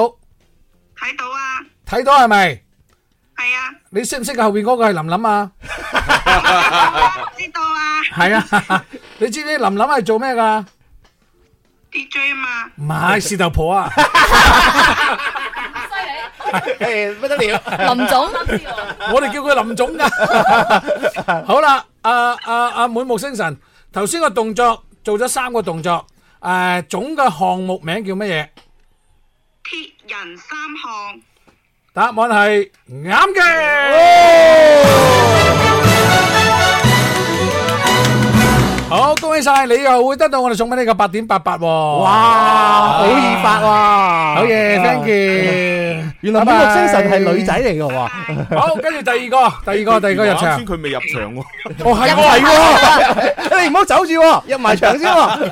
睇到啊！睇到係咪？係啊！你識唔識後邊嗰個係林琳啊？我唔知道啊！係啊，你知唔知林琳係做咩噶？DJ 啊嘛？唔係，士頭婆啊！犀利，誒，不得了！林總，我哋叫佢林總噶，好啦。阿阿阿滿目星辰，頭先個動作做咗三個動作，誒，總嘅項目名叫乜嘢？鐵人三項。答案係啱嘅。好，恭喜晒你又會得到我哋送俾你個八點八八。哇，好二百喎，好嘢，thank you。原來呢個精神係女仔嚟嘅喎！好，跟住第二個，第二個，第二個入場先。佢未入場喎，哦，係，係喎，你唔好走住喎，入埋場先喎。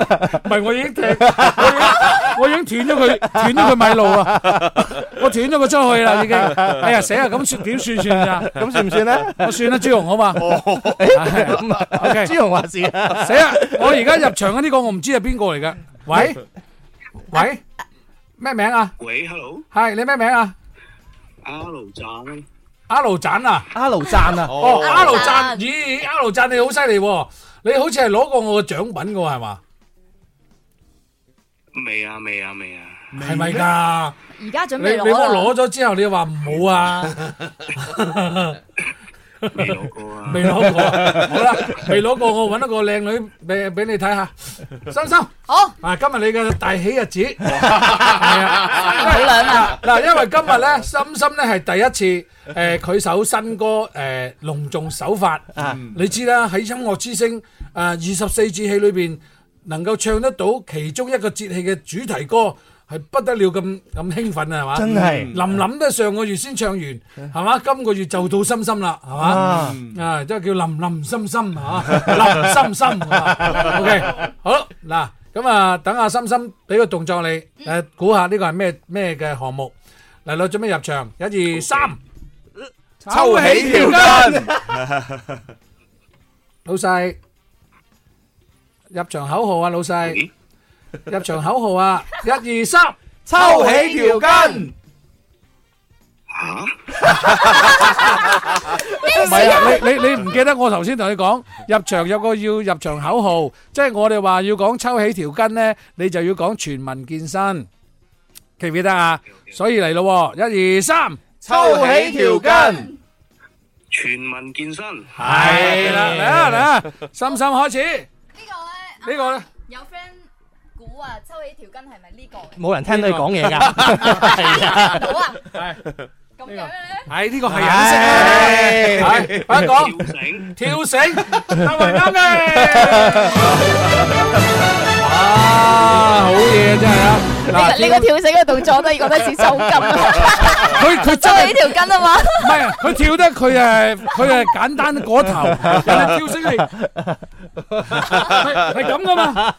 唔係，我已經，我已，我已經斷咗佢，斷咗佢迷路啊！我斷咗佢出去啦，已經。哎呀，死啦！咁算點算算咋？咁算唔算咧？我算啦，朱紅好嘛？哦，咁啊，OK。朱紅話事。死啦！我而家入場嗰呢個我唔知係邊個嚟嘅。喂喂，咩名啊？喂，Hello。係你咩名啊？阿盧讚，阿盧讚啊，阿盧讚啊，哦、oh.，阿盧讚，咦，阿盧讚你好犀利，你好似係攞過我嘅獎品嘅係嘛？未啊，未啊，未啊，係咪噶？而家準備攞，幫我攞咗之後，你又話唔好啊？ 未攞過啊！未攞過，好啦，未攞過，我揾一個靚女俾俾你睇下，心心好啊！今日你嘅大喜日子係啊，好靚啊！嗱，因為今日咧，心心咧係第一次誒，佢首新歌誒隆重首發啊！你知啦，喺音樂之聲誒二十四節氣裏邊，能夠唱得到其中一個節氣嘅主題歌。係不得了咁咁興奮啊，係嘛？真係林林都上個月先唱完，係嘛？今個月就到心心啦，係嘛？啊，啊，即係叫林林心心啊，林心心。OK，好嗱，咁啊，等阿心心俾個動作你，誒，估下呢個係咩咩嘅項目？嚟，你做咩入場？一二三，抽起條筋，老細，入場口號啊，老細。入場口號啊！一二三，抽起條筋。啊！唔係啊，你你你唔記得我頭先同你講，入場有個要入場口號，即係我哋話要講抽起條筋咧，你就要講全民健身，記唔記得啊？所以嚟咯，一二三，抽起條筋。全民健身係嚟啦嚟啦，心心開始。呢個咧？呢個咧？有 friend。哇！抽起條筋係咪呢個？冇人聽到你講嘢㗎，係啊，係咁樣咧，係呢個係啊，快講跳繩，跳繩，三位兄弟，哇！好嘢真係。你你個跳繩嘅動作都係覺得似抽筋，佢佢真係呢條筋啊嘛，唔係，佢跳得佢誒，佢係簡單嗰頭，人哋跳繩嚟，係係咁噶嘛，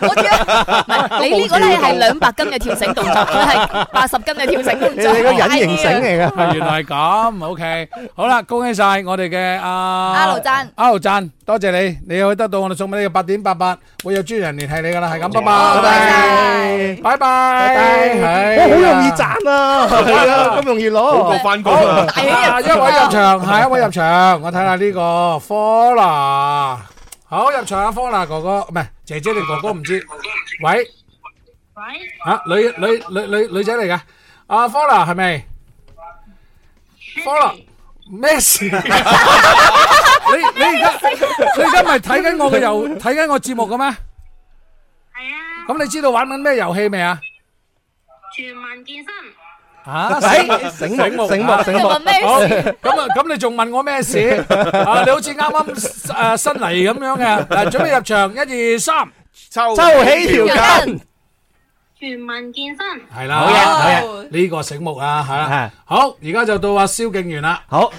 我知啦，你呢個咧係兩百斤嘅跳繩動作，佢係八十斤嘅跳繩動作，你個隱形繩嚟噶，原來係咁，OK，好啦，恭喜晒我哋嘅阿阿盧贊，阿盧贊。多謝你，你又可以得到我哋送俾你嘅八點八八，會有專人聯繫你噶啦，係咁，拜拜，拜拜，係好容易賺啊，係啊，咁容易攞，好過翻工啊，一位入場，係一位入場，我睇下呢個 Fola，好入場啊，Fola 哥哥唔係姐姐定哥哥唔知，喂，喂，吓女女女女女仔嚟噶，阿 Fola 係咪？Fola。咩事？你你而家你而家咪睇緊我嘅遊睇緊我節目嘅咩？係啊。咁你知道玩緊咩遊戲未啊？全民健身。吓，醒唔醒目？醒目醒目。好，咁啊咁你仲問我咩事？啊，你好似啱啱誒新嚟咁樣嘅，準備入場，一二三，抽起條筋。全民健身係啦，好嘢，好嘢，呢個醒目啊吓！好，而家就到阿蕭敬源啦，好，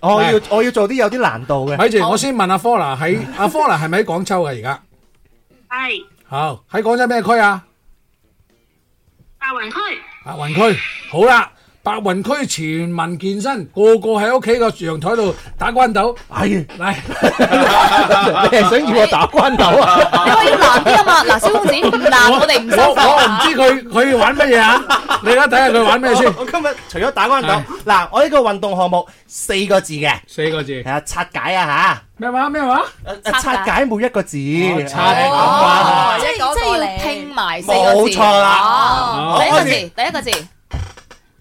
我要我要做啲有啲難度嘅，咪住，我先問阿科啦，喺阿科啦係咪喺廣州嘅而家？係，好喺廣州咩區啊？白雲區，白雲區，好啦。白雲區全民健身，個個喺屋企個陽台度打關斗。哎，嚟，你係想叫我打關斗啊？你話要難啲啊嘛，嗱，小公子，唔難，我哋唔知。我我唔知佢佢玩乜嘢啊？你而家睇下佢玩咩先？我今日除咗打關斗，嗱，我呢個運動項目四個字嘅。四個字係啊，拆解啊吓。咩話咩話？拆解每一個字。拆解啊！即即要拼埋四個字。冇錯啦。第一個字，第一個字。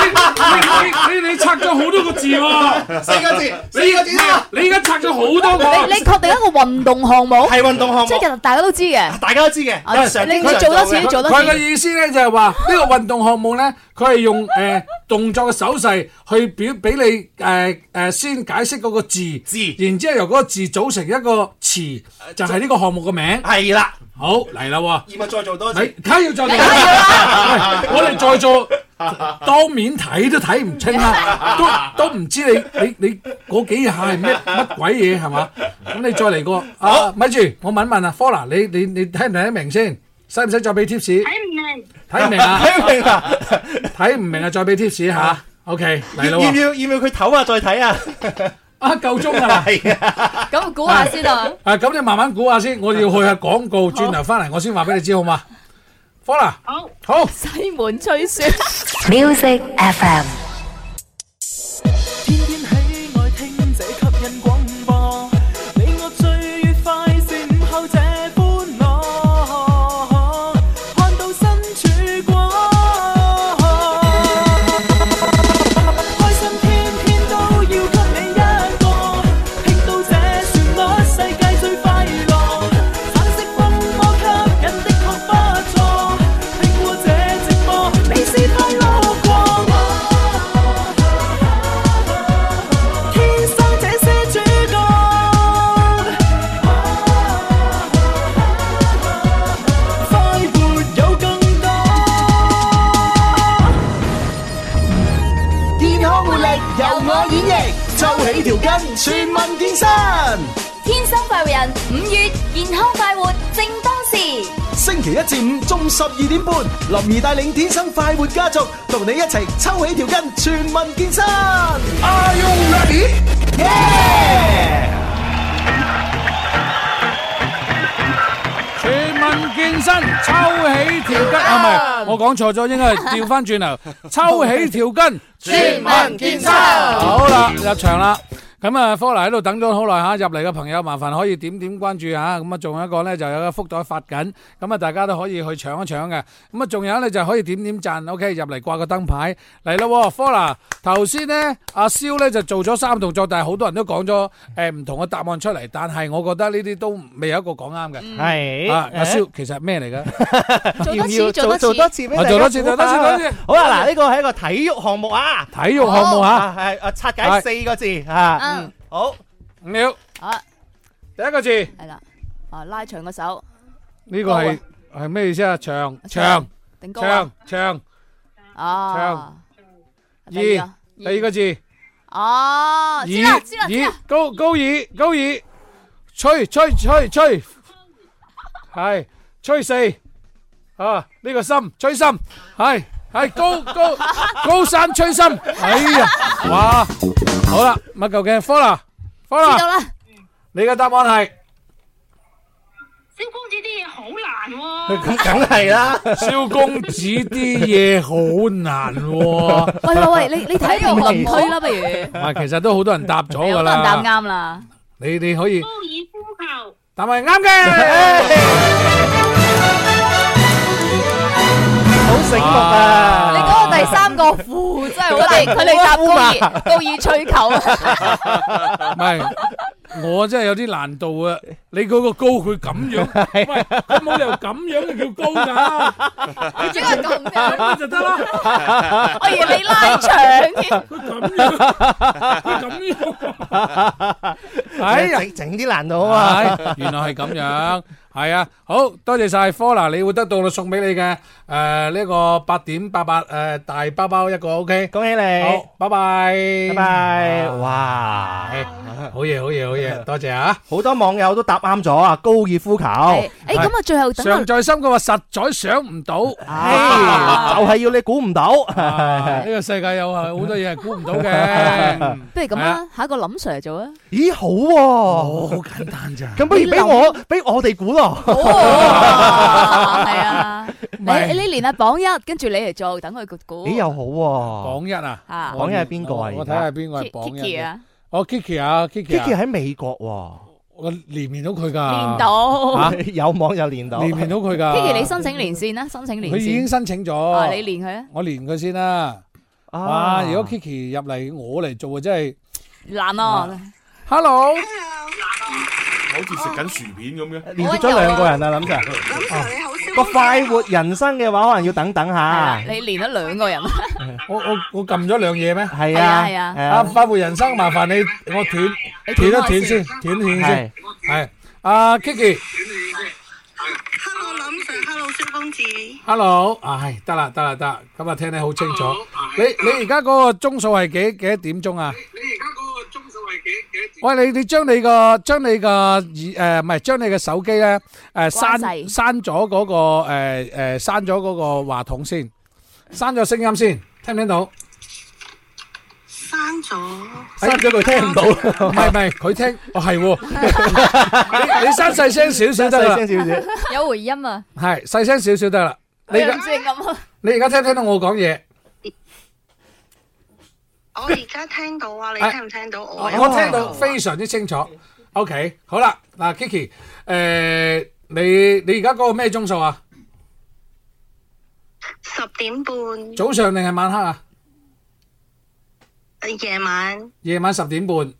你你你拆咗好多個字喎，四個字，四個字。你而家拆咗好多個字。你你確定一個運動項目係運動項目，即係大家都知嘅，大家都知嘅。你做多次做多次。佢嘅意思咧就係話呢個運動項目咧，佢係用誒動作嘅手勢去表俾你誒誒先解釋嗰個字，字，然之後由嗰個字組成一個詞，就係呢個項目嘅名。係啦。好嚟啦！㖏，我哋再做，當面睇都睇唔清啦、啊，都都唔知你你你嗰幾下係咩乜鬼嘢係嘛？咁你再嚟個好啊，咪住，我問一問啊，科拿、啊，你你你睇唔睇得明先、啊？使唔使再俾貼士？睇唔明，睇唔明啦、啊，睇唔 明啦，睇唔明啊，再俾 t 士貼士吓。O K，嚟要要要唔要佢唞下再睇啊？Okay, 啊夠鐘啦，係啊，咁估下先啊，啊咁你慢慢估下先，我要去下廣告，轉頭翻嚟我先話俾你知好嘛，方啦，好，西門吹雪，Music FM。中午十二點半，林兒帶領天生快活家族，同你一齊抽起條筋，全民健身。Are you ready? Yeah！全民健身，抽起條筋係咪！我講錯咗，應該係調翻轉頭！ 抽起條筋， 全民健身。好啦，入場啦！咁啊，科拿喺度等咗好耐吓，入嚟嘅朋友麻煩可以點點關注吓。咁啊仲有一個咧就有個福袋發緊，咁啊大家都可以去搶一搶嘅。咁啊仲有咧就可以點點讚，OK，入嚟掛個燈牌嚟咯，科拿。頭先咧阿蕭咧就做咗三動作，但係好多人都講咗誒唔同嘅答案出嚟，但係我覺得呢啲都未有一個講啱嘅。係，阿蕭其實係咩嚟噶？做多次，做多次咩？我做多次，做多次，好啦，嗱，呢個係一個體育項目啊，體育項目啊，係啊拆解四個字啊。好，五秒。啊，第一個字係啦，啊拉長個手。呢個係係咩意思啊？長長長長。哦。二第二個字。哦，二二高高二高二，吹吹吹吹，係吹四啊！呢個心吹心，係。係高高高山吹心，哎呀，哇，好啦，乜究竟？Flora，Flora，你嘅答案係？蕭公子啲嘢好難喎。咁梗係啦，蕭公子啲嘢好難喎。喂喂喂，你你睇下輪去啦，不如。唔係，其實都好多人答咗噶啦。有人答啱啦。你你可以。高爾夫球。答係啱嘅。好醒目啊！你嗰個第三個負真係好難，佢嚟打高爾高爾夫球。唔係，我真係有啲難度啊！你嗰個高佢咁樣，喂，咁冇理由咁樣叫高噶，你只係咁就得啦。我以為你拉長嘅，佢咁樣，佢咁樣，哎，整啲難度係，原來係咁樣。係啊，好多謝晒科嗱，你會得到我送俾你嘅誒呢個八點八八誒大包包一個，OK，恭喜你，好，拜拜，拜拜，哇，好嘢，好嘢，好嘢，多謝啊！好多網友都答啱咗啊，高爾夫球，誒，咁啊，最後常在心嘅話實在想唔到，係，就係要你估唔到，呢個世界有啊好多嘢係估唔到嘅，不如咁啦，下一個林 Sir 嚟做啊？咦，好，好簡單咋？咁不如俾我俾我哋估咯。哦，係啊，你你連下榜一，跟住你嚟做，等佢估，咦又好喎，榜一啊，啊，榜一係邊個啊？我睇下邊個係榜一啊？哦，Kiki 啊，Kiki，Kiki 喺美國喎，我連唔到佢噶，連唔到，有網友連到，連唔到佢噶。Kiki，你申請連線啦，申請連線，佢已經申請咗，啊，你連佢啊，我連佢先啦，啊，如果 Kiki 入嚟，我嚟做嘅真係難啊，Hello。好似食緊薯片咁樣，連接咗兩個人啊，林 Sir。個快活人生嘅話，可能要等等下。你連咗兩個人。我我我撳咗兩嘢咩？係啊係啊。啊，快活人生，麻煩你我斷斷一斷先，斷斷先。係。阿 Kiki。Hello，林 Sir。Hello，蕭公子。Hello，唉，得啦得啦得。咁啊，聽得好清楚。你你而家嗰個鐘數係幾幾多點鐘啊？喂，你你將你個將你個耳，誒，唔係將你個手機咧，誒刪刪咗嗰個誒誒刪咗嗰個話筒先，刪咗聲音先，聽唔聽到？刪咗，刪咗佢聽唔到，唔係唔係，佢聽，哦係喎。你刪細聲少少得啦，細聲少少，有回音啊？係細聲少少得啦，你而家你而家聽唔聽到我講嘢？我而家聽到啊，你聽唔聽到我？哎、我聽到非常之清楚。嗯嗯、OK，好啦，嗱，Kiki，誒、呃，你你而家嗰個咩鐘數啊？十點半。早上定係晚黑啊？呃、夜晚。夜晚十點半。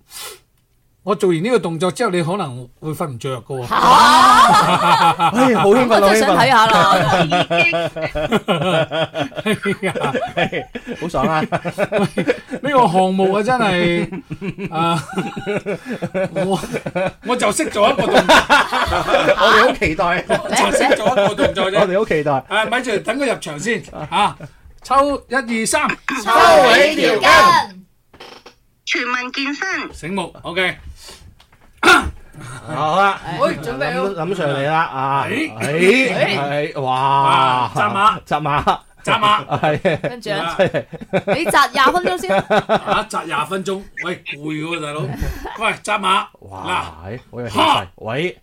我做完呢個動作之後，你可能會瞓唔著噶喎。哎，好興奮，我都想睇下咯。係啊，好爽啊！呢個項目啊，真係啊，我我就識做一個動作。我哋好期待，就識做一個動作啫。我哋好期待。誒，咪住，等佢入場先。吓，抽一二三，抽起條筋，全民健身，醒目。OK。好啦，喂，準備要諗上嚟啦，啊，誒，誒，哇，扎馬，扎馬，扎馬，係，跟住咧，你扎廿分鐘先，啊，扎廿分鐘，喂，攰喎，大佬，喂，扎馬，哇，嗱，哈，喂，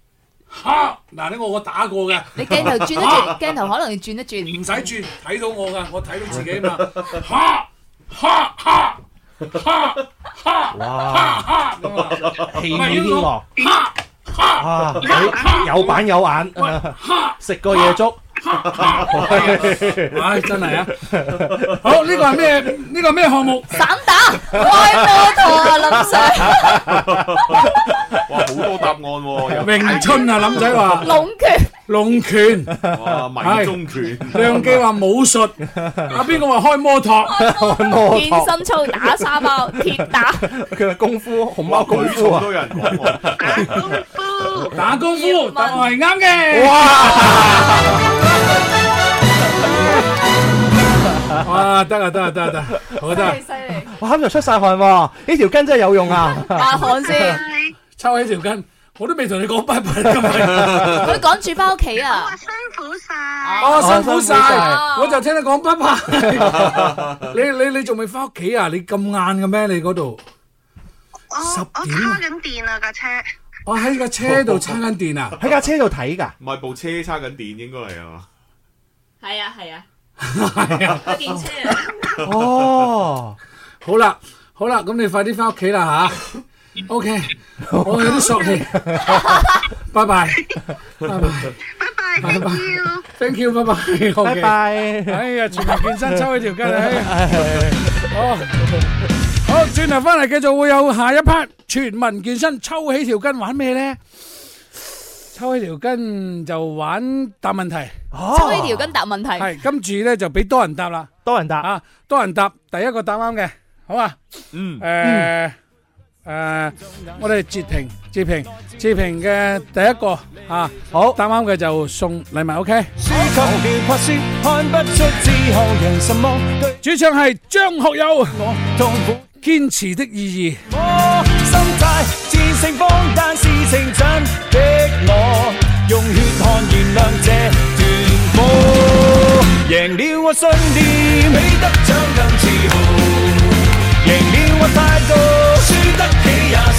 哈，嗱，呢個我打過嘅，你鏡頭轉一轉，鏡頭可能要轉一轉，唔使轉，睇到我噶，我睇到自己啊嘛，哈，哈，哈。哈哈！哇！哈哈！氣宇軒昂，哈哈！有有板有眼，哈！食過夜粥。嚇壞嘅，唉真係啊！好，呢個係咩？呢個係咩項目？散打、開摩托啊，林 Sir。哇，好多答案喎！詠春啊，林仔話。龍拳。龍拳。哇，迷中拳。亮記話武術。啊，邊個話開摩托？開摩托。健身操、打沙包、鐵打。其實功夫熊貓，舉重都有人講。功夫。打功夫，咁係啱嘅。哇！哇！得啦得啦得啦得！我真係犀利，哇！又出晒汗，呢條筋真係有用啊！擦汗先，抽起條筋，我都未同你講拜拜。今日，你趕住翻屋企啊！辛苦晒，哦辛苦晒，我就聽你講拜拜。你你你仲未翻屋企啊？你咁晏嘅咩？你嗰度？十點？我我插緊電啊，架車。我喺架車度叉緊電啊！喺架車度睇噶，咪部車叉緊電應該嚟啊嘛？係啊係啊，係啊，電車哦！好啦好啦，咁你快啲翻屋企啦吓！OK，我有啲索氣，拜拜拜拜拜拜 thank you，拜拜，拜拜，哎呀，全民健身抽起條街嚟！哦。好，轉頭翻嚟繼續會有下一 part 全民健身。抽起條筋玩咩呢？抽起條筋就玩答問題。啊、抽起條筋答問題。係，跟住呢就俾多人答啦。多人答啊，多人答，第一個答啱嘅，好嘛。嗯，誒、呃。嗯誒，我哋截屏、截屏、截屏嘅第一個吓，好，答啱嘅就送禮物，OK。主唱係張學友，我痛苦堅持的意義。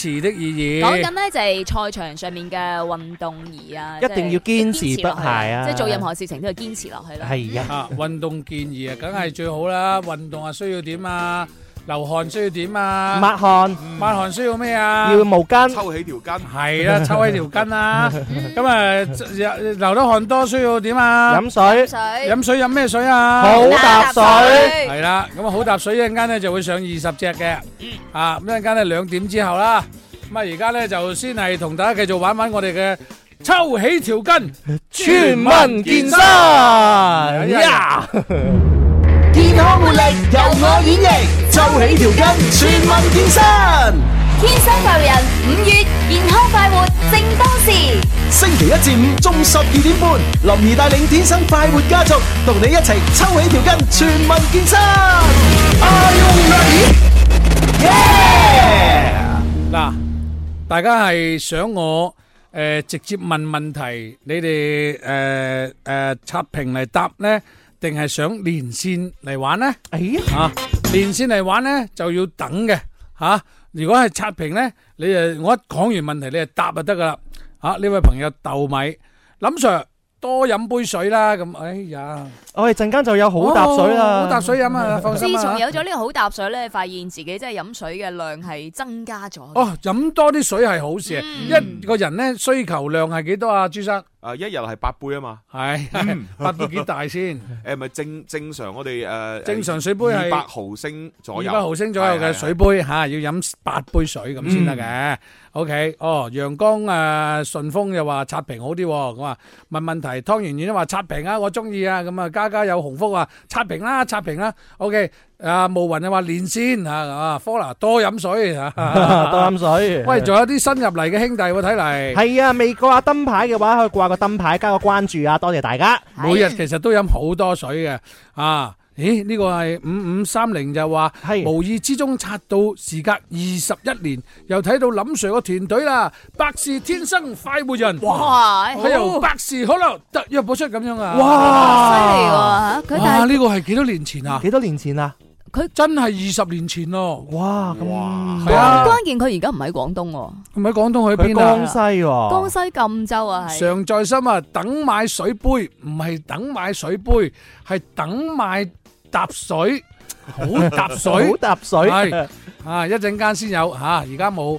詞的意義，講緊呢就係賽場上面嘅運動而啊，一定要堅持不懈啊！即係做任何事情都要堅持落去啦。係呀 啊，運動建議啊，梗係最好啦。運動啊，需要點啊？流汗需要點啊？抹汗，抹汗需要咩啊？要毛巾。抽起條巾。係啦，抽起條巾啊。咁啊，流得汗多需要點啊？飲水。飲水。飲水飲咩水啊？好搭水。係啦，咁啊好搭水一陣間咧就會上二十隻嘅。嗯。啊，咁一陣間咧兩點之後啦。咁啊，而家咧就先係同大家繼續玩玩我哋嘅抽起條巾全民健身。呀！健康活力由我演繹。抽起條筋，全民健身。天生快活人，五月健康快活正當時。星期一至五中午十二點半，林怡帶領天生快活家族同你一齊抽起條筋，全民健身。啊，用辣耳，耶！嗱，大家係想我誒直接問問題，你哋誒誒刷屏嚟答呢，定係想連線嚟玩呢？哎呀！連線嚟玩呢，就要等嘅吓、啊，如果係刷屏呢，你誒我一講完問題你就答就得噶啦吓。呢、啊、位朋友豆米，林 sir 多飲杯水啦。咁哎呀，我哋陣間就有好搭水啦、哦，好搭水飲啊， 放心，自從有咗呢個好搭水呢， 發現自己真係飲水嘅量係增加咗。哦，飲多啲水係好事，嗯、一個人呢，需求量係幾多啊？朱生。啊！一日係八杯啊嘛，係八杯幾大先？誒，咪正正常我哋誒，正常水杯係二百毫升左右，二百毫升左右嘅水杯吓，要飲八杯水咁先得嘅。嗯、OK，哦，陽光啊，順、呃、豐又話刷屏好啲，咁啊問問題，湯圓圓話刷屏啊，我中意啊，咁啊家家有鴻福啊，刷屏啦、啊，刷屏啦，OK。阿霧雲又話練先吓，啊科啦多飲水吓，多飲水。喂，仲有啲新入嚟嘅兄弟喎，睇嚟係啊，未掛燈牌嘅話，可以掛個燈牌，加個關注啊！多謝大家。每日其實都飲好多水嘅啊？咦，呢個係五五三零就話，無意之中刷到，時隔二十一年，又睇到林 sir 個團隊啦，百事天生快活人。哇！係由百事可樂特約播出咁樣啊？哇！犀利喎！哇！呢個係幾多年前啊？幾多年前啊？佢真係二十年前咯，哇！咁啊，關鍵佢而家唔喺廣東，唔喺廣東，喺邊度？江西喎，江西贛州啊，係。常在心啊，等買水杯唔係等買水杯，係等買搭水，好搭水，好搭水，係啊！一陣間先有吓，而家冇。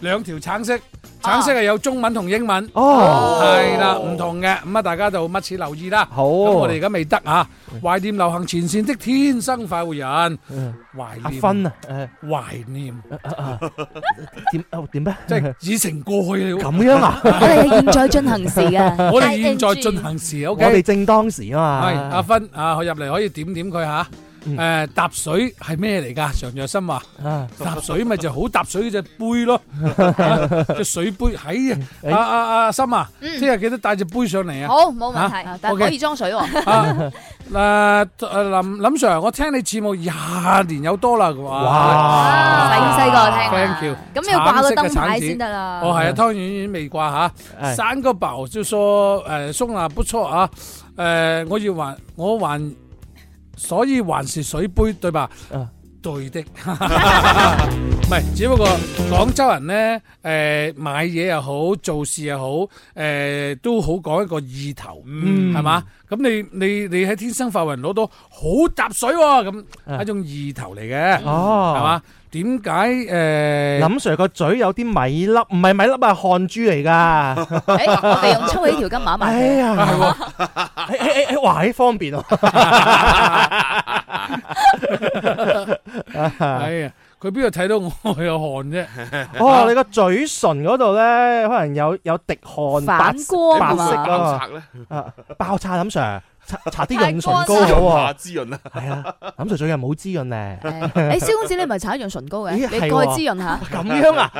兩條橙色，橙色係有中文同英文，係啦，唔同嘅。咁啊，哦、不大家就密切留意啦。好，咁我哋而家未得啊。懷念流行前線的天生快活人，阿芬啊，懷念點點咩？啊啊、即係已成過去了。咁樣啊？我哋係現在進行時啊！ 我哋現在進行時，okay？我哋正當時啊嘛。係阿芬啊，佢入嚟、啊、可以點點佢哈。啊誒，搭水係咩嚟噶？常若心話，搭水咪就好搭水隻杯咯，隻水杯喺阿啊阿心啊，聽日記得帶隻杯上嚟啊。好，冇問題，但係可以裝水。誒誒，林林 sir，我聽你節目廿年有多啦，哇！哇，細個聽，咁要掛個燈牌先得啦。哦，係啊，湯圓圓未掛吓，三個寶，就說誒，松啊不錯啊，誒，我要還，我還。所以還是水杯對吧？嗯，uh, 對的。唔係，只不過廣州人呢，誒、呃、買嘢又好，做事又好，誒、呃、都好講一個意頭，係嘛、mm.？咁你你你喺天生發運攞到好沓水喎、哦，咁係一種意頭嚟嘅，係嘛、uh.？點解誒，欸、林 sir 個嘴有啲米粒，唔係米粒啊，汗珠嚟噶、哎。我哋用粗細條巾馬馬。哎呀，係嘛？誒哇，呢方便喎、啊。 哎呀，佢邊度睇到我有汗啫？ 哦，你個嘴唇嗰度咧，可能有有滴汗反光啊嘛？爆拆咧、 啊，爆拆，林 sir。搽搽啲潤唇膏咗喎，滋潤啊！係啊，咁就最近冇滋潤咧。誒，蕭公子你唔係搽一樣唇膏嘅，你過去滋潤下。咁樣啊？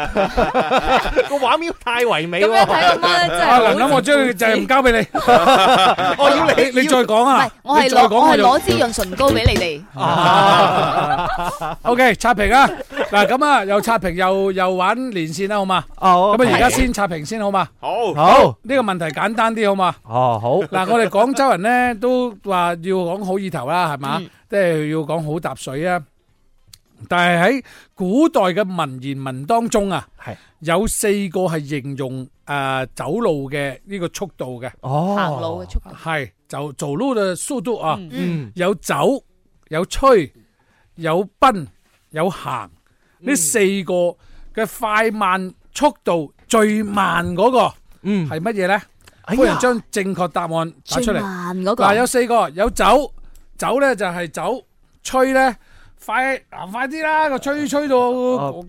個畫面太唯美。咁樣睇個媽真係。啊，嗱，咁我將佢就係唔交俾你，我要你你再講啊。我係攞我攞滋潤唇膏俾你哋。OK，刷屏啊！嗱，咁啊，又刷屏又又玩連線啦，好嘛？哦。咁啊，而家先刷屏先好嘛？好。好，呢個問題簡單啲好嘛？哦，好。嗱，我哋廣州人咧。都話要講好意頭啦，係嘛？即係要講好搭水啊！但係喺古代嘅文言文當中啊，係有四個係形容誒走路嘅呢個速度嘅，行路嘅速度係就走路嘅速度啊。嗯，有走，有吹，有奔，有行，呢四個嘅快慢速度最慢嗰個，嗯，係乜嘢咧？不如將正確答案打出嚟。嗱、那個，有四個，有走，走咧就係走；吹咧快，啊、快啲啦，個吹吹到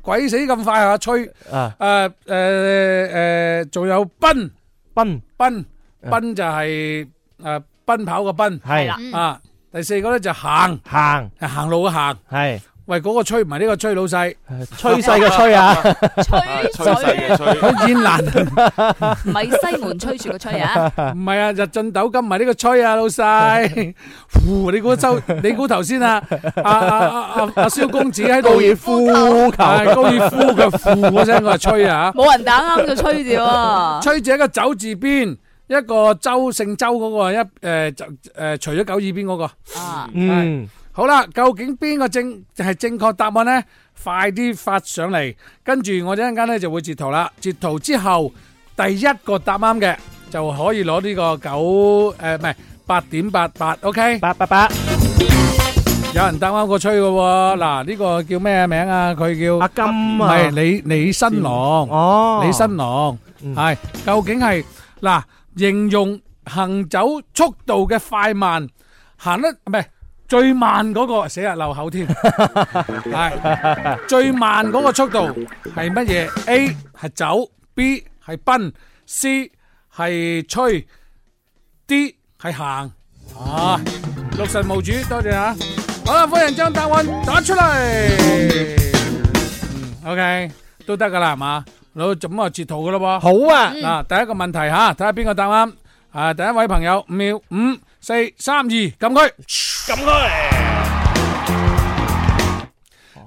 鬼死咁快啊！吹，誒誒誒，仲、啊啊、有奔，奔奔奔就係誒奔跑個奔係的、嗯、啊。第四個咧就行，行行路嘅行係。喂，嗰個吹唔係呢個吹老細，吹細嘅吹啊！吹吹，佢煙難，唔係西門吹住個吹啊！唔係啊，日進斗金唔係呢個吹啊，老細，呼你估周，你估頭先啊，阿阿阿阿阿蕭公子喺度高爾夫球，高爾夫嘅夫嗰聲，佢係吹啊！冇人打啱就吹住啊！吹住一個走字邊，一個周姓周嗰個一誒，就誒除咗走字邊嗰個啊，嗯。好啦，究竟邊個正就係正確答案咧？快啲發上嚟，跟住我一陣間咧就會截圖啦。截圖之後，第一個答啱嘅就可以攞呢個九誒，唔係八點八八，OK，八八八。有人答啱個吹嘅，嗱呢個叫咩名啊？佢叫阿金，啊，係李李新郎，哦，李新郎係。究竟係嗱形容行走速度嘅快慢，行得唔係？最慢嗰個寫啊漏口添，係最慢嗰個速度係乜嘢？A 係走，B 係奔，C 係吹，D 係行啊！六神無主，多謝吓！好啦，歡迎將答案打出嚟。OK，都得噶啦，係嘛？老，怎麼截圖噶啦？好啊！嗱，第一個問題吓，睇下邊個答啱。啊，第一位朋友，五秒五。四三二，撳佢，撳佢。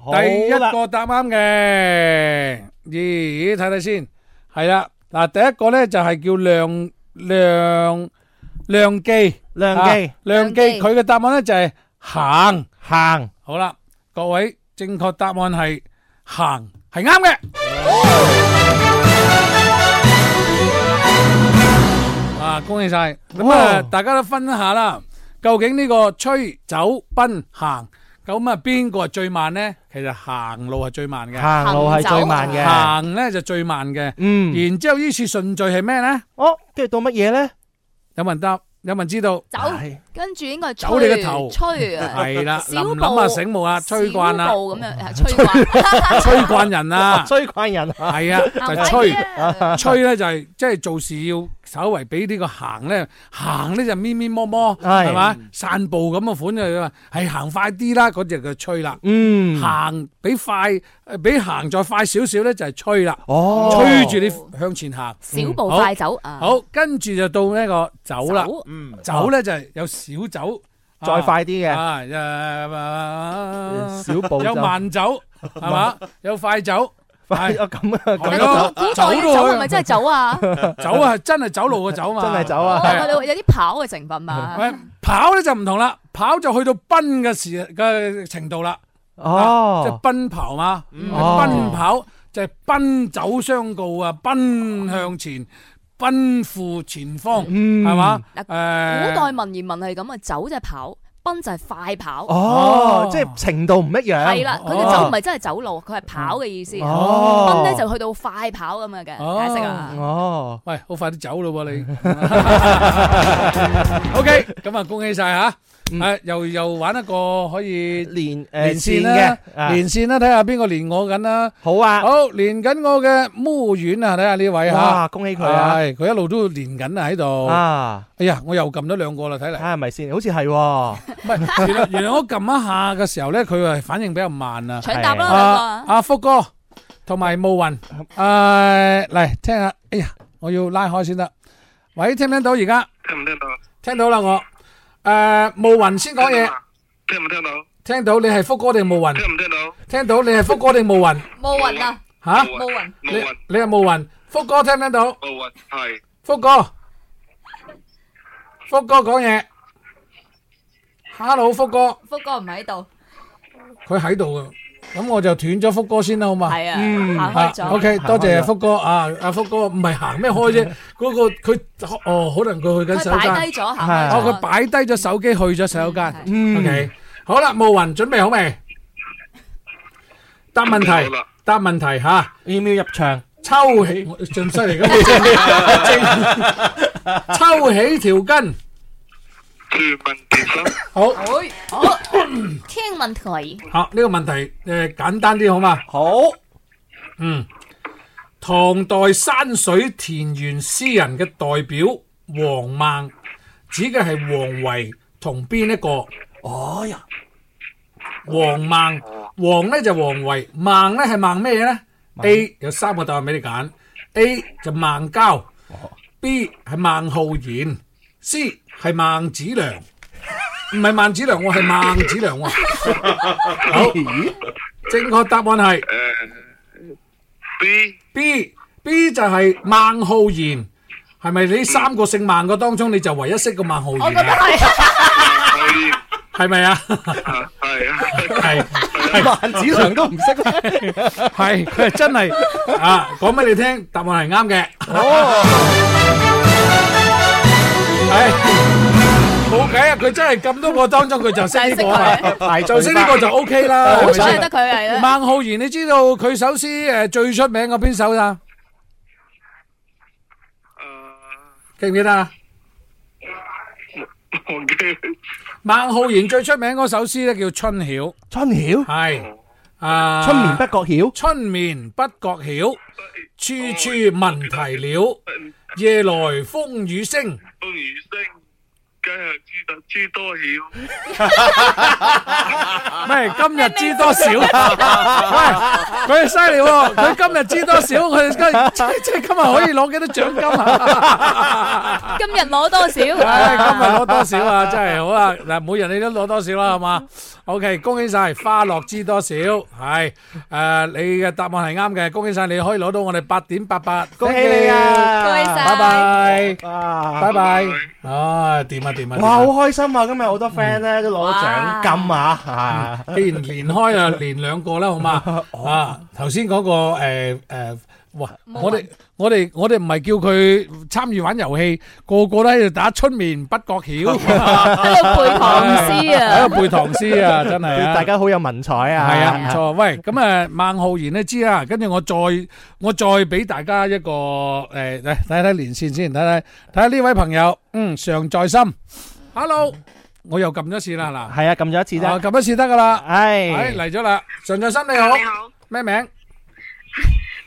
好啦，第一個答啱嘅，咦，睇睇先，係啦，嗱，第一個咧就係叫量量量計，量計，量計，佢嘅答案咧就係行行，好啦，各位，正確答案係行，係啱嘅。恭喜晒！咁啊，大家都分一下啦。究竟呢個吹、走、奔、行，咁啊，邊個係最慢咧？其實行路係最慢嘅，行路係最慢嘅，行咧就最慢嘅。嗯，然之後呢次順序係咩咧？哦，跟住到乜嘢咧？有冇人答？有冇人知道？走，跟住應該係走你個頭，吹啊，係啦。諗下啊，醒目啊，吹慣啦，咁樣，吹慣，吹慣人啦，吹慣人，係啊，就係吹，吹咧就係即係做事要。稍微俾呢個行咧，行咧就咪咪摸摸，係嘛？散步咁嘅款就係行快啲啦，嗰隻就吹啦。嗯，行比快，比行再快少少咧就係吹啦。哦，吹住你向前行，小步快走啊。好，跟住就到呢個走啦。走咧就係有小走，再快啲嘅。啊，小步有慢走，係嘛？有快走。係啊，咁啊，咁啊，古代走係咪真係走啊？走，走，走，走啊，真係走路嘅走嘛！走啊，真係走啊。有啲跑嘅成分嘛。跑咧就唔同啦，跑就去到奔嘅時嘅程度啦。哦，即係、啊就是、奔跑嘛，哦、奔跑就係、是、奔走相告啊，奔向前，哦、奔赴前方，係嘛、嗯？古代文言文係咁啊，走就係跑。奔就係快跑，哦，哦即係程度唔一樣，係啦了，佢哋、哦、走唔係真係走路，佢係跑嘅意思，哦，奔咧、嗯哦、就去到快跑咁樣嘅解釋啊，哦，哦喂，好快啲走咯喎你 ，OK，咁啊恭喜晒吓。誒，又又玩一個可以連誒連線啦，連線啦，睇下邊個連我緊啦。好啊，好連緊我嘅暮遠啊，睇下呢位吓，恭喜佢啊！係佢一路都連緊啊喺度。啊，哎呀，我又撳咗兩個啦，睇嚟。係咪先？好似係。唔係，原來我撳一下嘅時候咧，佢誒反應比較慢啊。搶答啦，阿福哥同埋暮雲誒，嚟聽下。哎呀，我要拉開先得。喂，聽唔聽到而家？聽唔聽到？聽到啦，我。誒，霧雲先講嘢，聽唔聽到？聽到，你係福哥定霧雲？聽唔聽到？聽到，你係福哥定霧雲？霧雲呀，吓？霧雲，霧雲，你係霧雲，福哥聽唔聽到？霧雲係，福哥，福哥講嘢，Hello，福哥，福哥唔喺度，佢喺度啊。咁我就斷咗福哥先啦，好嘛？係啊，行開咗。OK，多謝福哥啊！阿福哥唔係行咩開啫？嗰個佢哦，可能佢去緊洗手間。擺低咗吓，哦，佢擺低咗手機去咗洗手間。OK，好啦，慕雲準備好未？答問題，答問題吓，email 入場，抽起最犀利嘅，抽起條筋。好，好，好，聽問題。好呢、啊，這個問題，誒、呃，簡單啲好嘛？好嗎，好嗯，唐代山水田園詩人嘅代表王孟，指嘅係王維同邊一個？哎、哦、呀，王孟，王呢就王維，孟呢係孟咩嘢呢孟 A 有三個答案俾你揀，A 就孟郊，B 係孟浩然，C。係孟子良，唔係孟子良，我係孟子良啊！好，正確答案係 B B B 就係孟浩然，係咪？你三個姓孟嘅當中，你就唯一識個孟浩然啊？我覺得係，係咪啊？係啊，係孟子良都唔識咧，係佢係真係啊！講俾你聽，答案係啱嘅，好，係。冇計啊！佢真係咁多個當中，佢就識呢個啊，係就識呢個就 O K 啦。好彩得佢係啦。孟浩然，你知道佢首詩誒最出名個邊首啊？誒，記唔記得啊？忘記。孟浩然最出名嗰首詩咧叫《春曉》。春曉係啊。春眠不覺曉，春眠不覺曉，處處聞啼鳥，夜來風雨聲。風雨聲。今日知多知多少？喂，今日知多少？喂，佢犀利喎！佢今日知多少？佢今即係今日可以攞幾多獎金啊？今日攞多少？今日攞多少啊？真係好啊！嗱，每人你都攞多少啦？好嘛？OK，恭喜晒花落知多少係誒，你嘅答案係啱嘅，恭喜晒你可以攞到我哋八點八八，恭喜你啊！恭喜晒！拜拜，拜拜，唉，點啊？啊啊、哇！好開心啊，今日好多 friend 咧、嗯、都攞咗獎金啊，啊哇！既然、嗯、連，連開啊， 連兩個啦，好嘛？啊、 哦，頭先嗰個誒哇！我哋我哋我哋唔係叫佢參與玩遊戲，個個都喺度打春眠不覺曉，喺度背唐詩啊，喺度背唐詩啊，真係大家好有文采啊，係啊，唔錯。喂，咁啊，孟浩然咧知啦，跟住我再我再俾大家一個誒，睇睇連線先，睇睇睇下呢位朋友，嗯，常在心，hello，我又撳咗一次啦，嗱，係啊，撳咗一次啫，撳一次得噶啦，係，嚟咗啦，常在心你好，你好，咩名？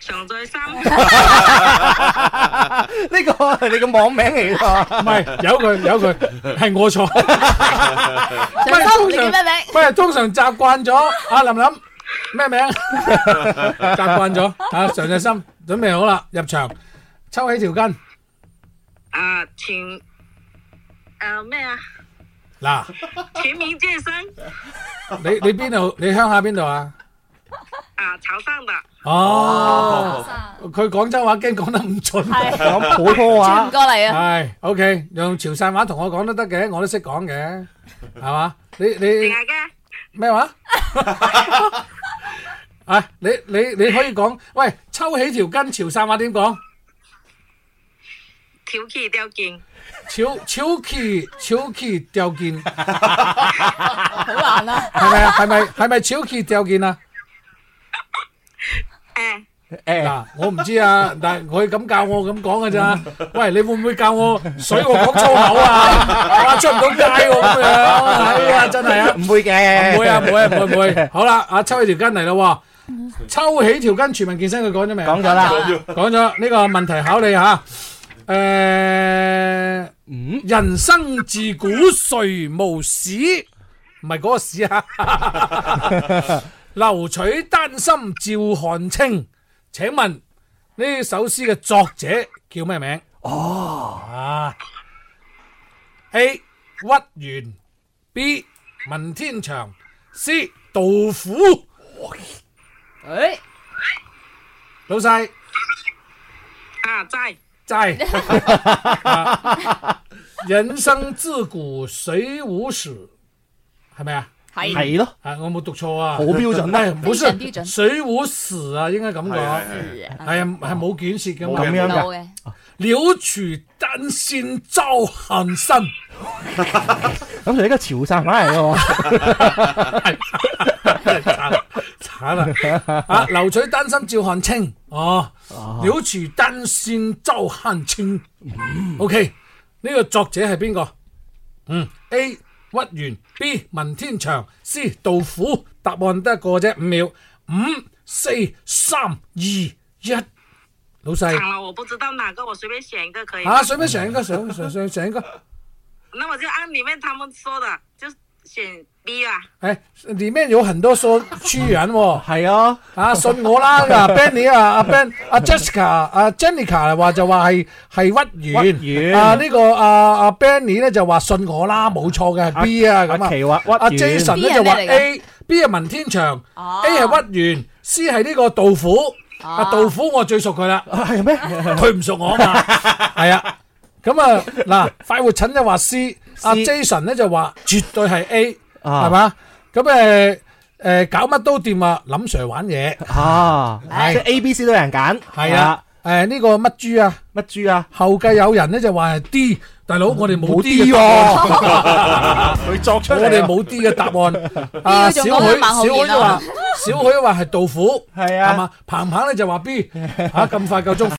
常在心，呢個係你個網名嚟噶？唔係有佢有佢係我錯。喂，唔係通常，唔係通常習慣咗。阿林林咩名？習慣咗啊！常在心，準備好啦，入場，抽起條筋。啊前誒咩啊？嗱，前面遮身。你你邊度？你鄉下邊度啊？啊！潮汕白哦，佢廣州話驚講得唔準，講普通話轉唔過嚟啊。係，OK，用潮汕話同我講都得嘅，我都識講嘅，係嘛？你你咩話？啊，你你你可以講，喂，抽起條筋，潮汕話點講？挑起吊勁，挑挑起挑起吊勁，好難啊！係咪啊？係咪係咪挑起吊勁啊？誒，嗱，我唔知啊，但係佢咁教我咁講嘅咋。喂，你會唔會教我水我講粗口啊，阿出唔到街咁樣？哎呀，真係啊，唔會嘅，唔會啊，唔會唔會。好啦，阿抽起條筋嚟咯，抽起條筋全民健身佢講咗未？講咗啦，講咗呢個問題考你吓。誒，嗯人生自古誰無屎，唔係嗰個屎啊。留取丹心照汗青，請問呢首詩嘅作者叫咩名？哦，啊，A 屈原，B 文天祥，C 杜甫。誒、哎，老細，啊，齋齋，人生自古誰無死？係咪啊？係咯，我冇讀錯啊，好標準啦，標準標準。《水滸傳》啊，應該咁講，係啊，係冇捲舌咁樣嘅。留取丹心照汗生，咁就呢個潮汕話嚟噶喎。慘啦！啊，留取丹心照汗清哦，留取丹心照汗清。O K。呢個作者係邊個？嗯，A。屈原、B 文天祥、C 杜甫，答案得一個啫，五秒，五四三二一，老細，慘啦，我不知道哪個，我隨便選一個可以。啊，隨便選一個，選選選選一個。 那我就按裏面他們說的，就是。選 B 啊！誒，裏面有很多說屈原喎。係啊，啊信我啦，Benny 啊，阿 Ben，阿 Jessica，阿 Jennica 話就話係係屈原，啊呢個啊阿 Benny 咧就話信我啦，冇錯嘅 B 啊，咁啊，阿 Jason 就話 AB 係文天祥，A 係屈原，C 係呢個杜甫，阿杜甫我最熟佢啦，係咩？佢唔熟我，嘛，係啊，咁啊嗱，快活陳就話 C。阿 Jason 咧就話絕對係 A，係嘛？咁誒誒，搞乜都掂啊！諗 Sir 玩嘢啊，即係 A、B、C 都有人揀，係啊！誒呢個乜豬啊？乜豬啊？後繼有人咧就話係 D，大佬我哋冇 D 喎。佢作出我哋冇 D 嘅答案。小許小許小許話係杜甫，係啊？係嘛？鵬鵬咧就話 B，吓咁快夠鐘。